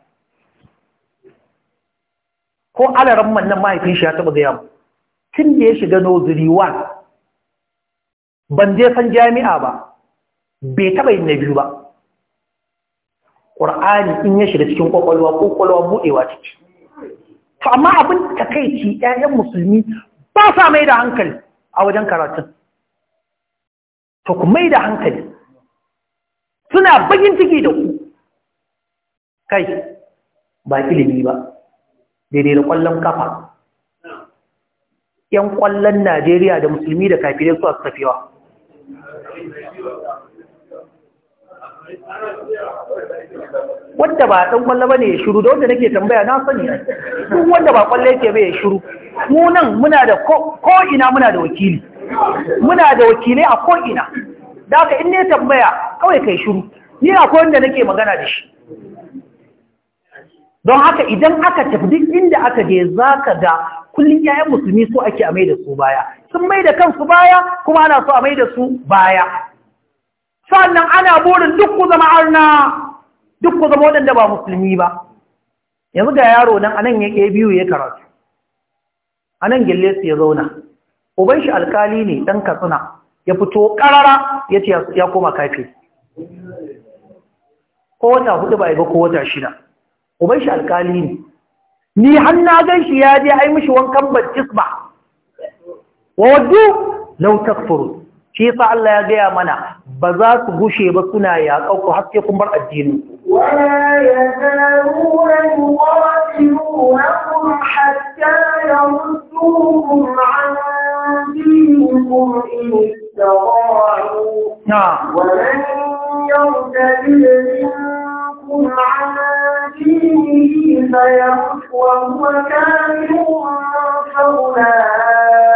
ko alaran nan mahaifin shi ya taba zai yamu tun da ya shiga noziri 1 ban je san jami'a ba bai taɓa yin na biyu ba ƙur'ani in ya shiga cikin ƙwaƙwalwa ƙwaƙwalwa buɗewa ciki to amma abin takaici 'ya'yan musulmi ba sa mai da hankali a wajen karatun to ku mai da hankali suna bakin ciki da ku kai ba ilimi ba daidai da ƙwallon kafa ‘yan ƙwallon Najeriya da musulmi da kafirai suwa tafiyawa wanda ba ɗan kwallo ba ne ya shuru da wanda nake tambaya na sani duk wanda ba kwallo yake bai ya shuru mu nan muna da ko ina muna da wakili muna da wakilai a ko ina da haka in tambaya kawai kai shuru ni akwai wanda nake magana da shi don haka idan aka tafi duk inda aka je za ka ga kullum yayan musulmi so ake amai da su baya sun mai da kansu baya kuma ana so a mai da su baya sannan ana burin duk ku zama arna duk ku zama waɗanda ba musulmi ba yanzu ga yaro nan nan ya ke biyu ya karatu A gille su ya zauna uban shi alkali ne ɗan katsina ya fito ƙarara ya ce ya koma kafe ko wata hudu ba ya ga ko wata shida uban shi alkali ne ni hannu gan shi ya je yi mishi wankan bajis ba wawaddu law takfuru shi yasa Allah ya gaya mana ba za ku gushe ba kuna ya kauku har sai kun bar addini wala yazaruna yuqatilunakum hatta yamsukum an dinikum in istawa'u wala yartadil minkum an dinihi fayamsu wa huwa kafirun fa'ulai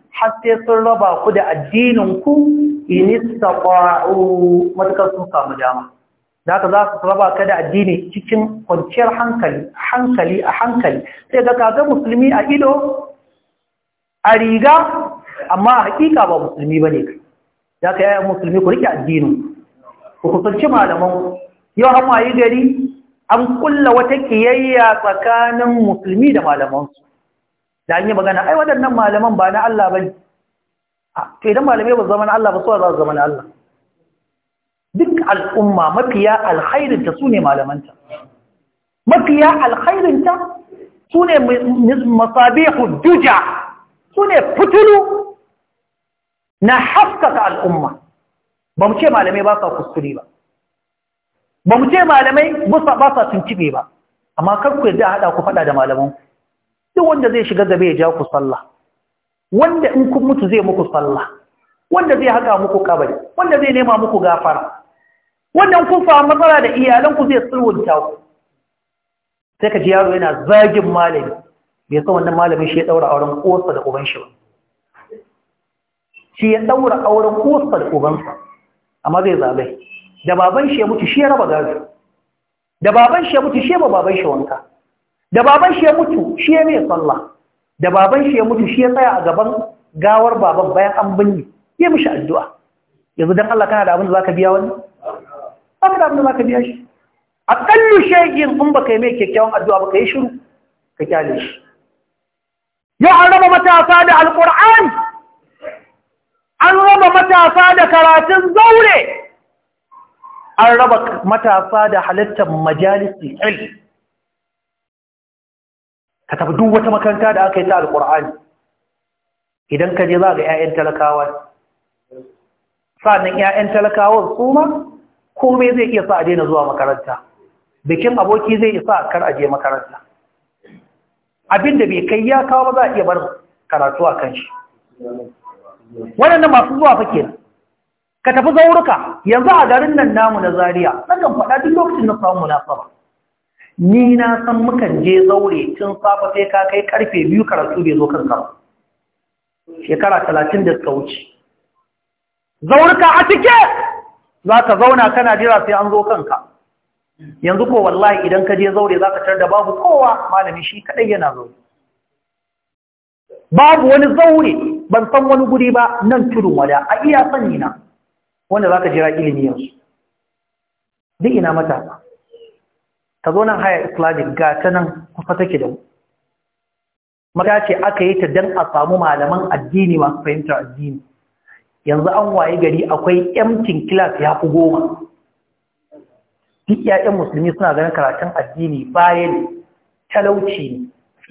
har sai sun raba ku da addininku inistaqa'u matakan sun samu dama da haka za su raba ka da addini cikin kwanciyar hankali hankali a hankali sai ga kaga musulmi a ido a riga amma a hakika ba musulmi bane kai da ka yaya musulmi ku rike addinin ku kusanci malaman yau an wayi gari an kulla wata kiyayya tsakanin musulmi da malamansu da an yi magana ai waɗannan malaman ba na Allah ba ne ah, to idan malamai ba zama na Allah ba suwa za su zama na Allah duk al'umma mafiya alkhairinta su ne malamanta mafiya alkhairinta su ne masabihu duja su ne fitilu na haskaka al'umma ba mu ce malamai ba sa kuskure ba ba mu ce malamai ba sa tuntube ba amma kar ku yadda haɗa ku faɗa da malamanku duk wanda zai shiga gaba ya ja ku sallah wanda in kun mutu zai muku sallah wanda zai haka muku kabari wanda zai nema muku gafara wanda kun fa matsala da iyalanku zai sulwunta ku sai ka ji yaro yana zagin malami bai san wannan malamin shi ya daura auren kosa da uban shi ba shi ya daura auren kosa da sa amma zai zabe da baban shi ya mutu shi ya raba gado da baban shi ya mutu shi ba baban shi wanka da baban shi ya mutu shi ya mai sallah da baban shi ya mutu shi ya tsaya a gaban gawar baban bayan an binne ya mishi addu'a yanzu don Allah kana da abin da za ka biya wani ka da abin da za ka biya shi A aqallu shay'in in baka yi mai kyakkyawan addu'a baka yi shiru ka kyale shi ya an raba matasa da alqur'ani an raba matasa da karatun zaure an raba matasa da halittar majalisi ilmi ka tafi duk wata makaranta da aka yi ta alƙur'ani idan ka je za ga 'ya'yan talakawa sa'annan 'ya'yan talakawa su ma komai zai iya sa a daina zuwa makaranta bikin aboki zai isa a kar a je makaranta abin bai kai ya kawo ba za a iya bar karatu a kan shi waɗanda masu zuwa fa kenan ka tafi zauruka yanzu a garin nan namu na zaria ɗan faɗa duk lokacin na samu munasaba ni na san mukan je zaure tun safa sai ka kai karfe biyu karatu bai zo kanka ba shekara talatin da suka wuce zaurka a cike za ka zauna kana jira sai an zo kanka yanzu ko wallahi idan ka je zaure za ka tar da babu kowa malami shi kaɗai yana zaure babu wani zaure ban san wani guri ba nan turun wada a iya sanina wanda za ka jira ilimi yanzu duk ina matasa ka zo nan haya islamic ga ta nan kusa take da mu mata ce aka yi ta dan a samu malaman addini masu fahimtar addini yanzu an waye gari akwai yamcin kilas ya fi goma duk yayan musulmi suna ganin karatun addini bayan talauci ne.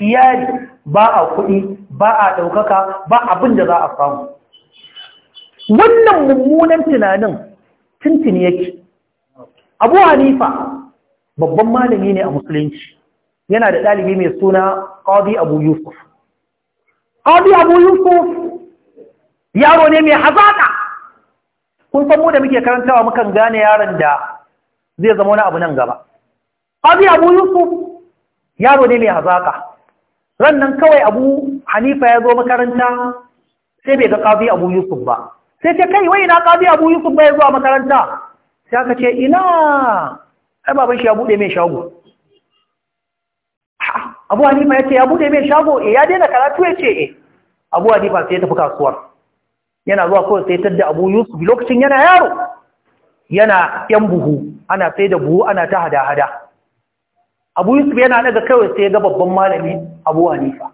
iyali ba a kuɗi ba a ɗaukaka ba abin da za a samu wannan mummunan tunanin tuntuni yake abu hanifa babban malami ne a musulunci yana da ɗalibi mai suna ƙadi abu yusuf ƙadi abu yusuf yaro ne mai hazaƙa kun san mu da muke karantawa mukan gane yaron da zai zama wani abu nan gaba ƙadi abu yusuf yaro ne mai hazaƙa nan kawai abu hanifa ya zo makaranta sai bai ga ƙadi abu yusuf ba sai ce kai wai na ƙadi abu yusuf bai zuwa makaranta sai aka ce ina ai baban shi ya bude mai shago abu hanifa ya ce ya bude mai shago eh ya daina karatu ya ce eh abu hanifa sai ya tafi kasuwar yana zuwa kawai sai tadda abu yusuf lokacin yana yaro yana yan buhu ana sai da buhu ana ta hada-hada abu yusuf yana daga kawai sai ga babban malami abu hanifa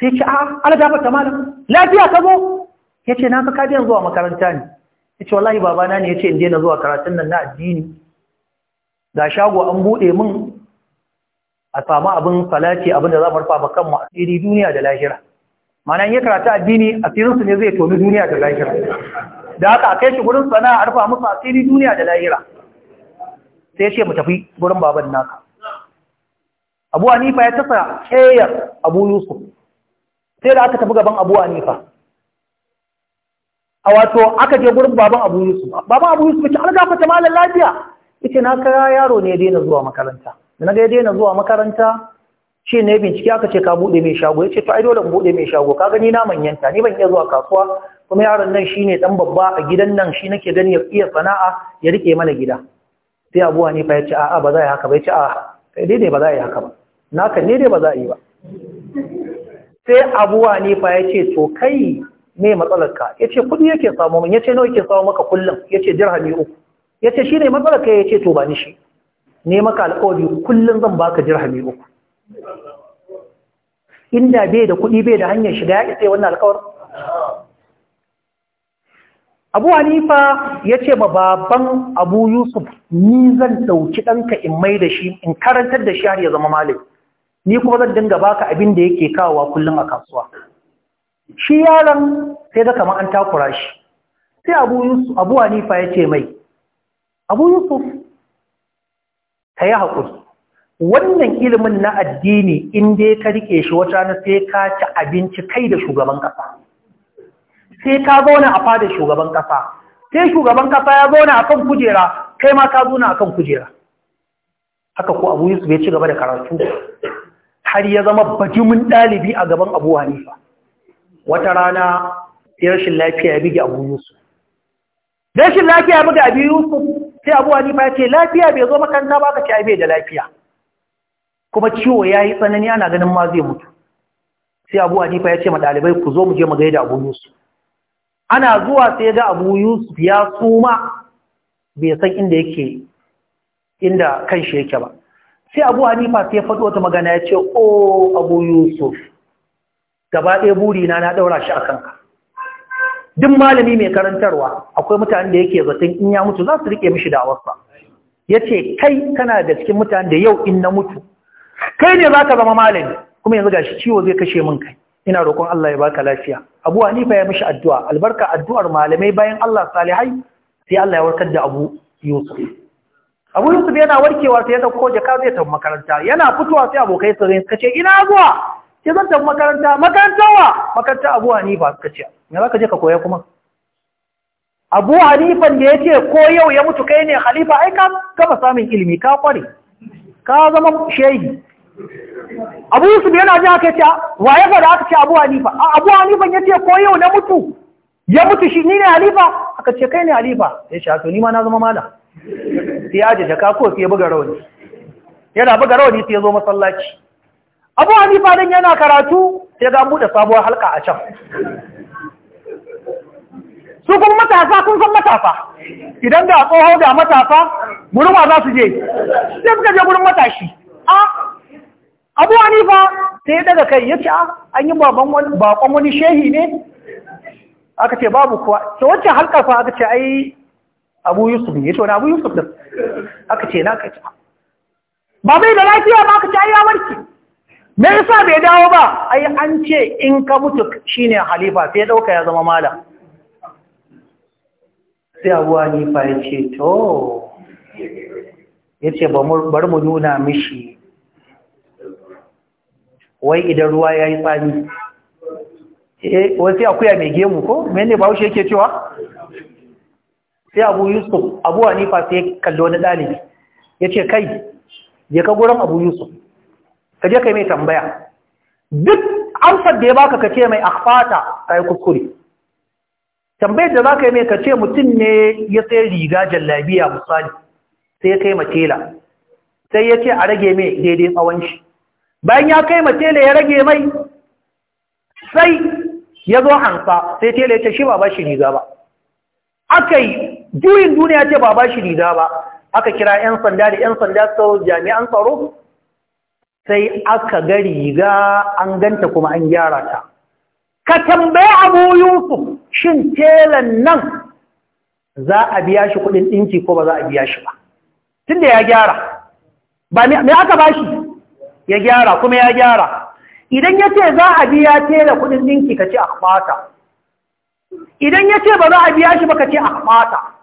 sai ce a algafa fata malam lafiya ka zo yace na fi kaje zuwa makaranta ne ya ce wallahi babana ne ya ce in daina zuwa karatun nan na addini da shago an buɗe min a samu abin salati abin da za mu rufa bakan mu asiri duniya da lahira mana ya karata addini su ne zai toni duniya da lahira da haka a kai shi gurin sana'a a rufa musu a asiri duniya da lahira sai ce mu tafi gurin baban naka abu hanifa ya tasa ƙeyar abu yusuf sai da aka tafi gaban abu hanifa a wato aka je gurin baban abu yusuf baban abu yusuf ce an gafa ta malar lafiya ita na kara yaro ne ya daina zuwa makaranta da na ga ya daina zuwa makaranta shi ne bincike aka ce ka buɗe mai shago ya ce to ai dole in buɗe mai shago ka gani na manyanta ni ban iya zuwa kasuwa kuma yaron nan shi ne ɗan babba a gidan nan shi nake gani ya iya sana'a ya riƙe mana gida sai abuwa ne fa ya ce a'a ba za a yi haka ba ya ce a'a kai dai ba za a yi haka ba naka ne dai ba za a yi ba sai abuwa ne fa ya ce to kai me matsalarka ya ce kuɗi yake samu min ya ce nawa yake samu maka kullum ya ce dirhami uku ya ce shi ne matsalar ka ya ce to ba ni shi ne maka alƙawari kullum zan baka jirhami uku inda bai da kuɗi bai da hanyar shiga ya isa wannan alƙawar abu hanifa ya ce ma baban abu yusuf ni zan ɗauki ɗanka in mai da shi in karantar da shi har ya zama malami ni kuma zan dinga baka abin da yake kawowa kullum a kasuwa shi yaron sai da kamar an takura shi sai abu abu hanifa ya ce mai abu yusuf ta yi haƙuri wannan ilimin na addini in dai ka riƙe shi wata na sai ka ci abinci kai da shugaban ƙasa sai ka zauna a fadar shugaban ƙasa sai shugaban ƙasa ya zauna a kan kujera kai ma ka zauna a kan kujera haka ko abu yusuf ya ci gaba da karatu har ya zama bajimin ɗalibi a gaban abu hanifa wata rana ya rashin lafiya ya bige abu yusuf rashin lafiya ya bige abu yusuf sai abu ni ya ce lafiya bai zo makaranta ba ka ce ai da lafiya kuma ciwo ya yi tsanani ana ganin ma zai mutu sai abu hanifa ya ce ma ɗalibai ku zo mu je mu gaida abu yusuf ana zuwa sai ga abu yusuf ya suma bai san inda yake inda kan shi yake ba sai abu hanifa sai ya faɗo wata magana ya ce o oh, abu yusuf gaba ɗaya burina na ɗaura shi a kanka duk malami mai karantarwa akwai mutane da yake zaton in ya mutu za su rike mishi da awarsa. ya ce kai kana da cikin mutane da yau in na mutu kai ne za ka zama malami kuma yanzu gashi ciwo zai kashe min kai ina roƙon Allah ya baka lafiya abu hanifa ya mishi addu'a albarka addu'ar malamai bayan Allah salihai sai Allah ya warkar da abu yusuf abu yusuf yana warkewa sai ya dauko jaka zai tafi makaranta yana fitowa sai abokai su ka ce ina zuwa ke zan tafi makaranta makaranta wa makaranta abu hanifa suka ce me za ka je ka koya kuma abu hanifan da ya ce ko yau ya mutu kai ne halifa ai ka gama samun ilimi ka kware ka zama shehi abu yusuf yana ji haka ya ce wa ya fara aka ce abu hanifa a abu hanifan ya ce ko yau na mutu ya mutu shi ni ne halifa aka ce kai ne halifa ya ce to ni ma na zama malam sai ya ajiye jaka ko sai ya buga rawani yana buga rawani sai ya zo masallaci abu hanifa din yana karatu sai ga buɗe sabuwar halka a can su kuma matasa kun san matasa idan da tsoho da matasa gurin wa za su je sai suka je gurin matashi a abu hanifa sai daga kai ya ce an yi bakon wani shehi ne aka ce babu kuwa ta wacce halka fa aka ce ai abu yusuf ne ya ce wani abu yusuf din aka ce na kai ba bai da lafiya ba aka ce ai ya warke me yasa bai dawo ba ai an ce in ka mutu shine halifa sai dauka ya zama mala sai Abu fa ya ce to yace bar mu nuna mishi wai idan ruwa yayi tsani eh sai akuya mai gemu ko mene ba ushe yake cewa sai Abu Yusuf Abu fa sai kallo na dalibi yace kai je ka gurin Abu Yusuf ka je ka mai tambaya duk amsar da ya baka ka ce mai akhfata kai kukuri tambayar da zaka yi mai ka ce mutum ne ya sai riga jallabiya misali sai ya kai matela sai ya ce a rage mai daidai tsawon shi bayan ya kai matela ya rage mai sai ya zo hansa sai tela ya ce shi ba ba shi riga ba aka yi juyin duniya ce ba ba shi riga ba aka kira 'yan sanda da 'yan sanda sau jami'an tsaro sai aka ga riga an ganta kuma an gyara ta ka tambaye abu yusuf shin telan nan za a biya shi kudin ɗinki ko ba za a biya shi ba tun da ya gyara ba me aka ba shi ya gyara kuma ya gyara idan ya ce za a biya tela kudin ɗinki ka ce a idan ya ce ba za a biya shi ba ka ce a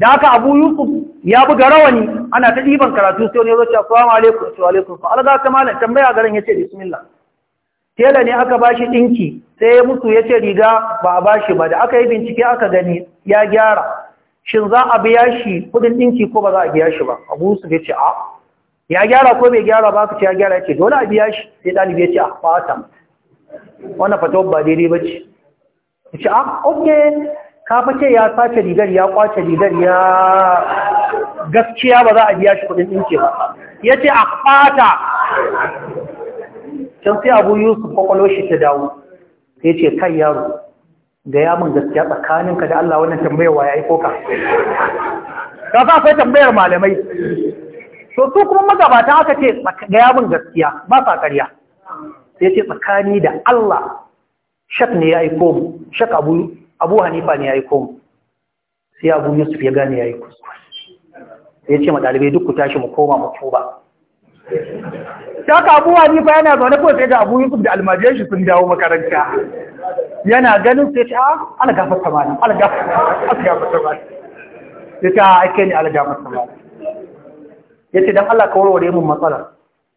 da aka abu yusuf ya buga rawani ana ta ɗiban karatu sai wani ya zo ce assalamu alaikum wa alaikum fa alga ta malam tambaya garin yace bismillah tela ne aka bashi dinki sai ya mutu yace riga ba a bashi ba da aka yi bincike aka gani ya gyara shin za a biya shi kudin dinki ko ba za a biya shi ba abu yusuf yace a ya gyara ko bai gyara ba ka ce ya gyara yace dole a biya shi sai dalibi yace a fata wannan fatawar ba daidai bace yace a okay kafa ce ya sace rigar ya kwace rigar ya gaskiya ba za a biya shi kudin ɗinke ba ya ce a fata can sai abu yusuf kwakwalo shi ta dawo sai ce kai yaro da ya mun gaskiya tsakaninka da Allah wannan tambayar wa ya yi koka ka sa sai tambayar malamai to su kuma magabata aka ce ga yabin gaskiya ba sa karya. Ya ce tsakani da Allah shak ne ya aiko mu shak abu abu hanifa ne ya yi komu sai abu yusuf ya gane ya yi kuskure ya ce ɗalibai duk ku tashi mu koma mu tuba ta abu hanifa yana zaune ko sai ga abu yusuf da almajiyar shi sun dawo makaranta yana ganin sai ta ana gafar samani ana gafar samani sai ta ake ne ana gafar samani ya ce allah ka warware mun matsalar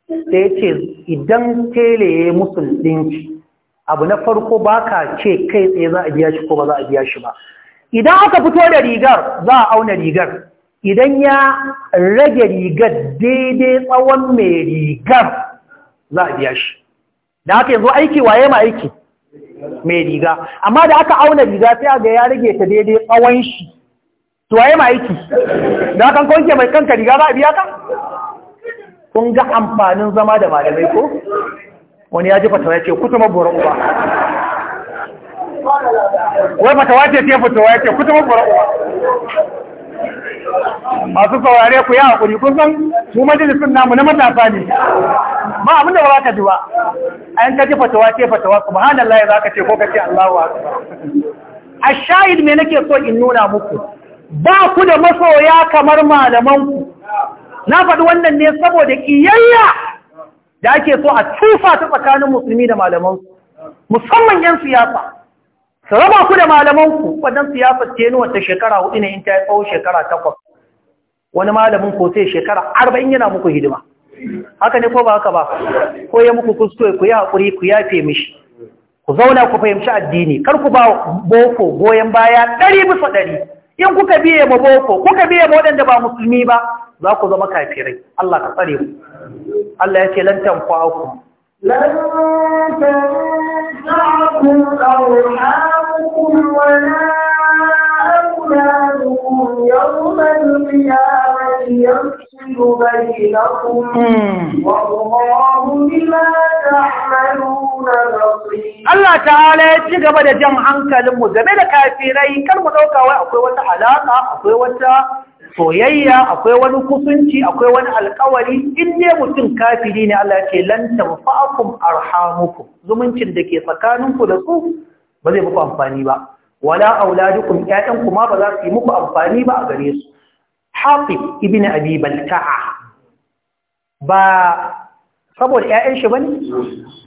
sai ya ce idan tele musul ɗinki abu na farko ba ka ce kai tsaye za a biya shi ko ba za a biya shi ba idan aka fito da rigar za a auna rigar idan ya rage rigar daidai tsawon mai rigar za a biya shi da aka yanzu aiki waye ma aiki mai riga amma da aka auna riga sai ga ya rage ta daidai tsawon shi to waye ma aiki da kan kwanke mai kanka riga ba a biya ka kun ga amfanin zama da malamai ko wani ya ji fatawa ya ce kutuma bora uba wai fatawa ce ce fatawa ya ce kutuma bora uba masu saurare ku ya haƙuri kun san su majalisun namu na matasa ne ba abin da ba ka ji ba an yanka ji fatawa ce fatawa hannun layi za ka ce ko ka ce Allahu wa a shahid mai nake so in nuna muku ba ku da masoya kamar malamanku na faɗi wannan ne saboda ƙiyayya da ake so a tufa ta tsakanin musulmi da malamansu musamman 'yan siyasa su raba ku da malamanku wadan siyasa ce ni wata shekara hudu ne in ta yi tsawon shekara takwas wani malamin ko sai shekara arba'in yana muku hidima haka ne ko ba haka ba ko ya muku kuskure ku yi haƙuri ku yafe mishi ku zauna ku fahimci addini kar ku ba boko goyon baya ɗari bisa ɗari in kuka biye ma boko kuka biye ma waɗanda ba musulmi ba za ku zama kafirai Allah ka tsare ku Allah ya ce lan tanfa'ukum lan tanfa'ukum arhamukum أولادكم يوم القيامة يفصل بينكم والله بما تعملون بصير الله تعالى يجب أن جمع عنك للمزمين كافرين كالمدوكة وأقوى وتعلاقة أقوى وتعلاقة soyayya akwai wani kusunci akwai wani alkawari in ne mutum kafiri ne Allah ce lan tanfa'akum arhamukum zumuncin da ke tsakaninku da su ba zai muku amfani ba wala auladukum ƴaƴan kuma ba za su yi muku amfani ba a gare su hafiz ibn abi balta'a ba saboda ƴaƴan shi bane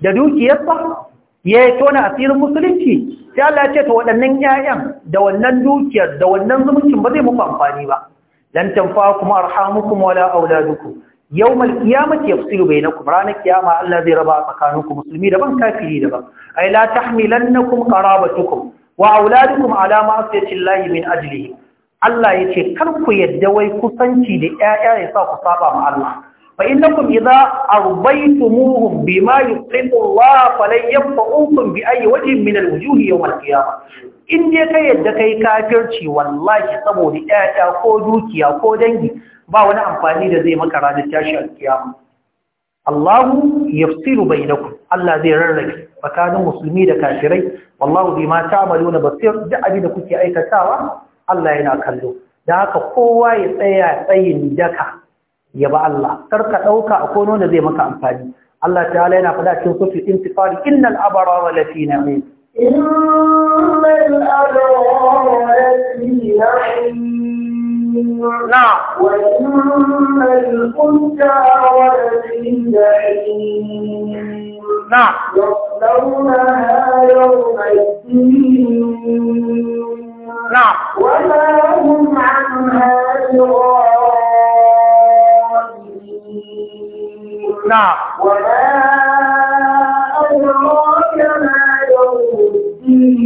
da dukiyarsa ya tona asirin musulunci sai Allah ya ce to waɗannan ƴaƴan da wannan dukiyar da wannan zumuncin ba zai muku amfani ba lan tanfa'ukum arhamukum wala auladukum yawmal qiyamati yafsilu bainakum ranar kiyama Allah zai raba tsakaninku musulmi daban kafiri daban ay la tahmilannakum qarabatukum wa auladukum ala ma'asiyati llahi min ajlihi Allah yace kar ku yadda wai kusanci da ƴaƴa ya sa ku saba ma Allah fa innakum idza arbaytumuhum bima yuqimu Allah falan yanfa'ukum bi ayyi wajhin min alwujuh yawm alqiyamah in dai ka yadda yi kafirci wallahi saboda 'ya'ya ko dukiya ko dangi ba wani amfani da zai maka ranar tashi alkiyama Allahu bai bainakum Allah zai rarrake tsakanin musulmi da kafirai wallahu bima na basir da abin da kuke aikatawa Allah yana kallo da haka kowa ya tsaya tsayin daka ya ba Allah karka ɗauka a kono da zai maka amfani Allah ta'ala yana faɗa cikin sufi intifari innal abarara lafi na'im إن الأبرار لفي نعيم نعم وإن الفجار لفي جحيم نعم يصلونها يوم الدين نعم وما هم عنها بغائبين نعم وما أدراك Allah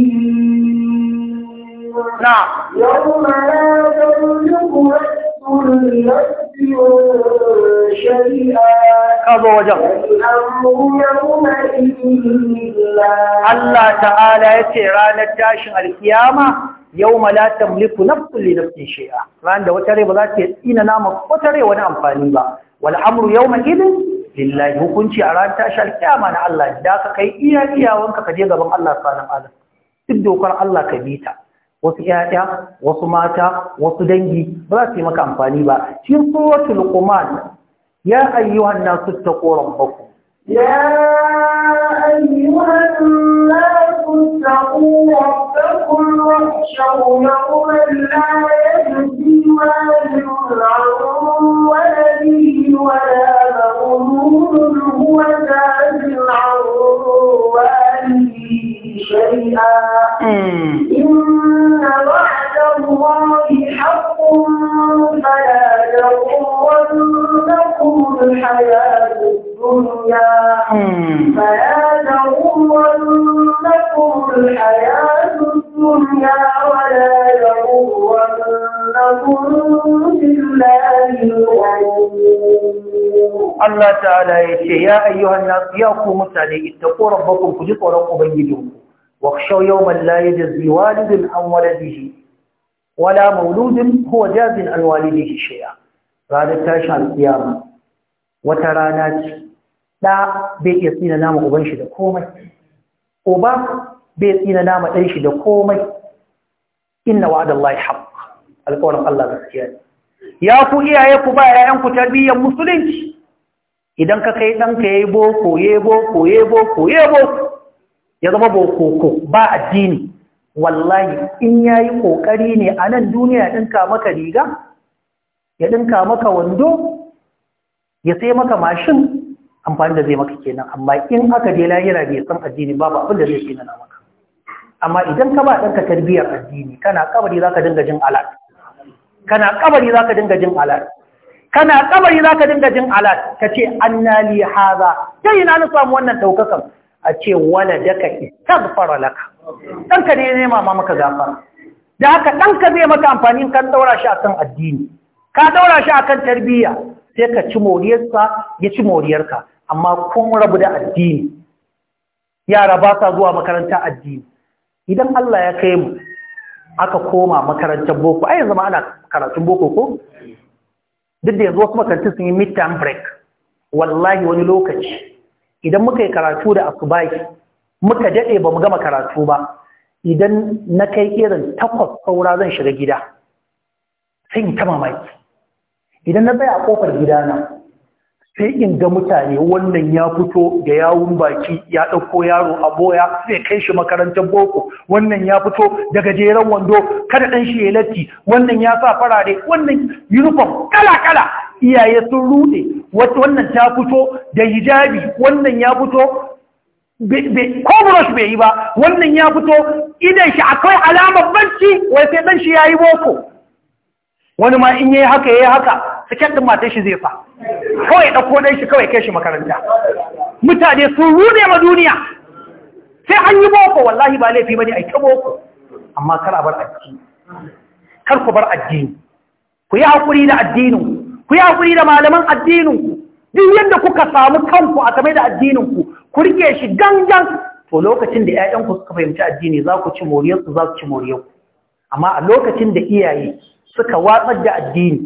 ta'ala ya ce ranar tashin alkiyama yau mala tamlifu na kulle na fi shi'a Ran da wata rewa za ta ina nama wata rewa wani amfani ba wal'amuru yau ma'ilin lillahi hukunci a ranar tashin alkiyama na Allah da ka kai iya iyawanka je gaban Allah sa na duk dokar Allah ka bi ta wasu ‘ya'ya, wasu mata, wasu dangi ba za su yi maka amfani ba. Shi suratul Quman ya ayyuhan nasu taqu rabbakum. Ya ayyuhan nasu taqu rabbakum wakhshaw yawman la yajzi walidun an waladihi wa la mawludun huwa jazil 'an شيئا إن وعد الله حق فلا تغرنكم الحياة الدنيا فلا تغرنكم الحياة الدنيا ولا تغرنكم بالله Allah ta'ala ya ce, “Ya ayyuhan nasu ya ku mutane, ita ko واخشوا يوما لا يجزي والد عن ولده ولا مولود هو جاز عن والده شيئا ranar تاشا القيامة wata rana ce ɗa bai أبنش tsina nama بيت shi da komai uba bai tsina nama ɗan shi da komai inna wa'ada Allah يا alƙawarin Allah gaskiya ne ya ba ku musulunci idan ka kai ɗanka yayi boko yayi boko yayi boko yayi boko ya zama bokoko ba addini wallahi in yayi kokari ne a nan duniya ya dinka maka riga ya dinka maka wando ya sai maka mashin amfani da zai maka kenan amma in aka je lahira bai san addini babu abin da zai kenan maka amma idan ka ba ɗanka tarbiyyar addini kana kabari zaka dinga jin alat kana kabari zaka dinga jin alat kana kabari zaka dinga jin alat kace anna li hadha sai na samu wannan daukakan a ce wala daka fara laka ɗanka ne nema ma maka gafara da haka ɗanka zai maka amfani kan ɗaura shi akan addini ka ɗaura shi akan tarbiyya sai ka ci moriyarsa ya ci moriyarka amma kun rabu da addini yara ba sa zuwa makaranta addini idan Allah ya kai mu aka koma makarantar boko ai yanzu ma ana karatun boko ko duk da yanzu wasu makarantun sun yi midterm break wallahi wani lokaci idan muka yi karatu da asubahi muka daɗe ba mu gama karatu ba idan na kai irin takwas saura zan shiga gida sai in ta mamaki idan na tsaya a ƙofar gidana sai in ga mutane wannan ya fito da yawun baki ya ɗauko yaro a boya zai kai shi makarantar boko wannan ya fito da gajeren wando kada ɗan shi ya latti wannan ya sa farare wannan uniform kala kala iyaye sun rude wannan ta fito da hijabi wannan ya fito ko brush bai yi ba wannan ya fito idan shi akwai alamar barci wai sai dan shi yayi boko wani ma in yayi haka yayi haka sakin din matar shi zai fa kawai dauko dan shi kawai kai shi makaranta mutane sun rude ma duniya sai an yi boko wallahi ba laifi bane ai ta boko amma kar a bar addini kar ku bar addini ku yi hakuri da addinin ku yi haƙuri da malaman addininku duk yadda kuka samu kanku a game da addininku ku rike shi gangan to lokacin da 'ya'yanku suka fahimci addini za ku ci moriyarsu za ku ci moriyarku amma a lokacin da iyaye suka watsar da addini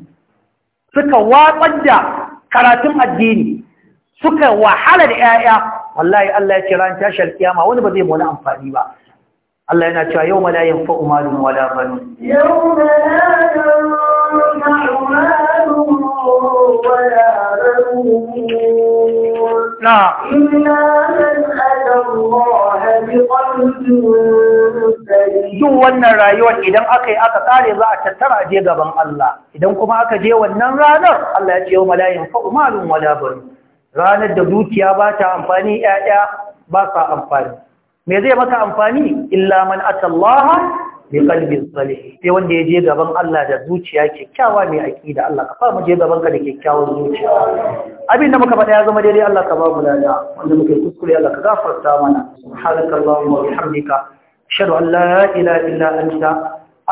suka watsar da karatun addini suka wahala da 'ya'ya wallahi Allah ya ce ran tashar kiyama wani ba zai mu wani amfani ba Allah yana cewa yau la yanfa'u malun wala banun yawma la yanfa'u يؤمنون إلا من أتى الله بقلب Duk wannan rayuwar idan aka yi aka tsare za a tattara je gaban Allah, idan kuma aka je wannan ranar Allah ya ce yau malayin fa'umarin wala bari, ranar da dukiya ba ta amfani ‘ya'ya ba sa amfani. Me zai maka amfani? Illa man atallaha bi kalbin salihi sai wanda ya je gaban Allah da zuciya kyakkyawa mai aqida Allah ka fara je gaban ka da kyakkyawan zuciya abin da muka faɗa ya zama daidai Allah ka ba mu lada wanda muka kuskure Allah ka gafarta mana subhanaka allahumma wa bihamdika ashhadu an la ilaha illa anta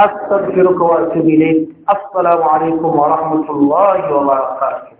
astaghfiruka wa atubu ilayk assalamu alaikum wa rahmatullahi wa barakatuh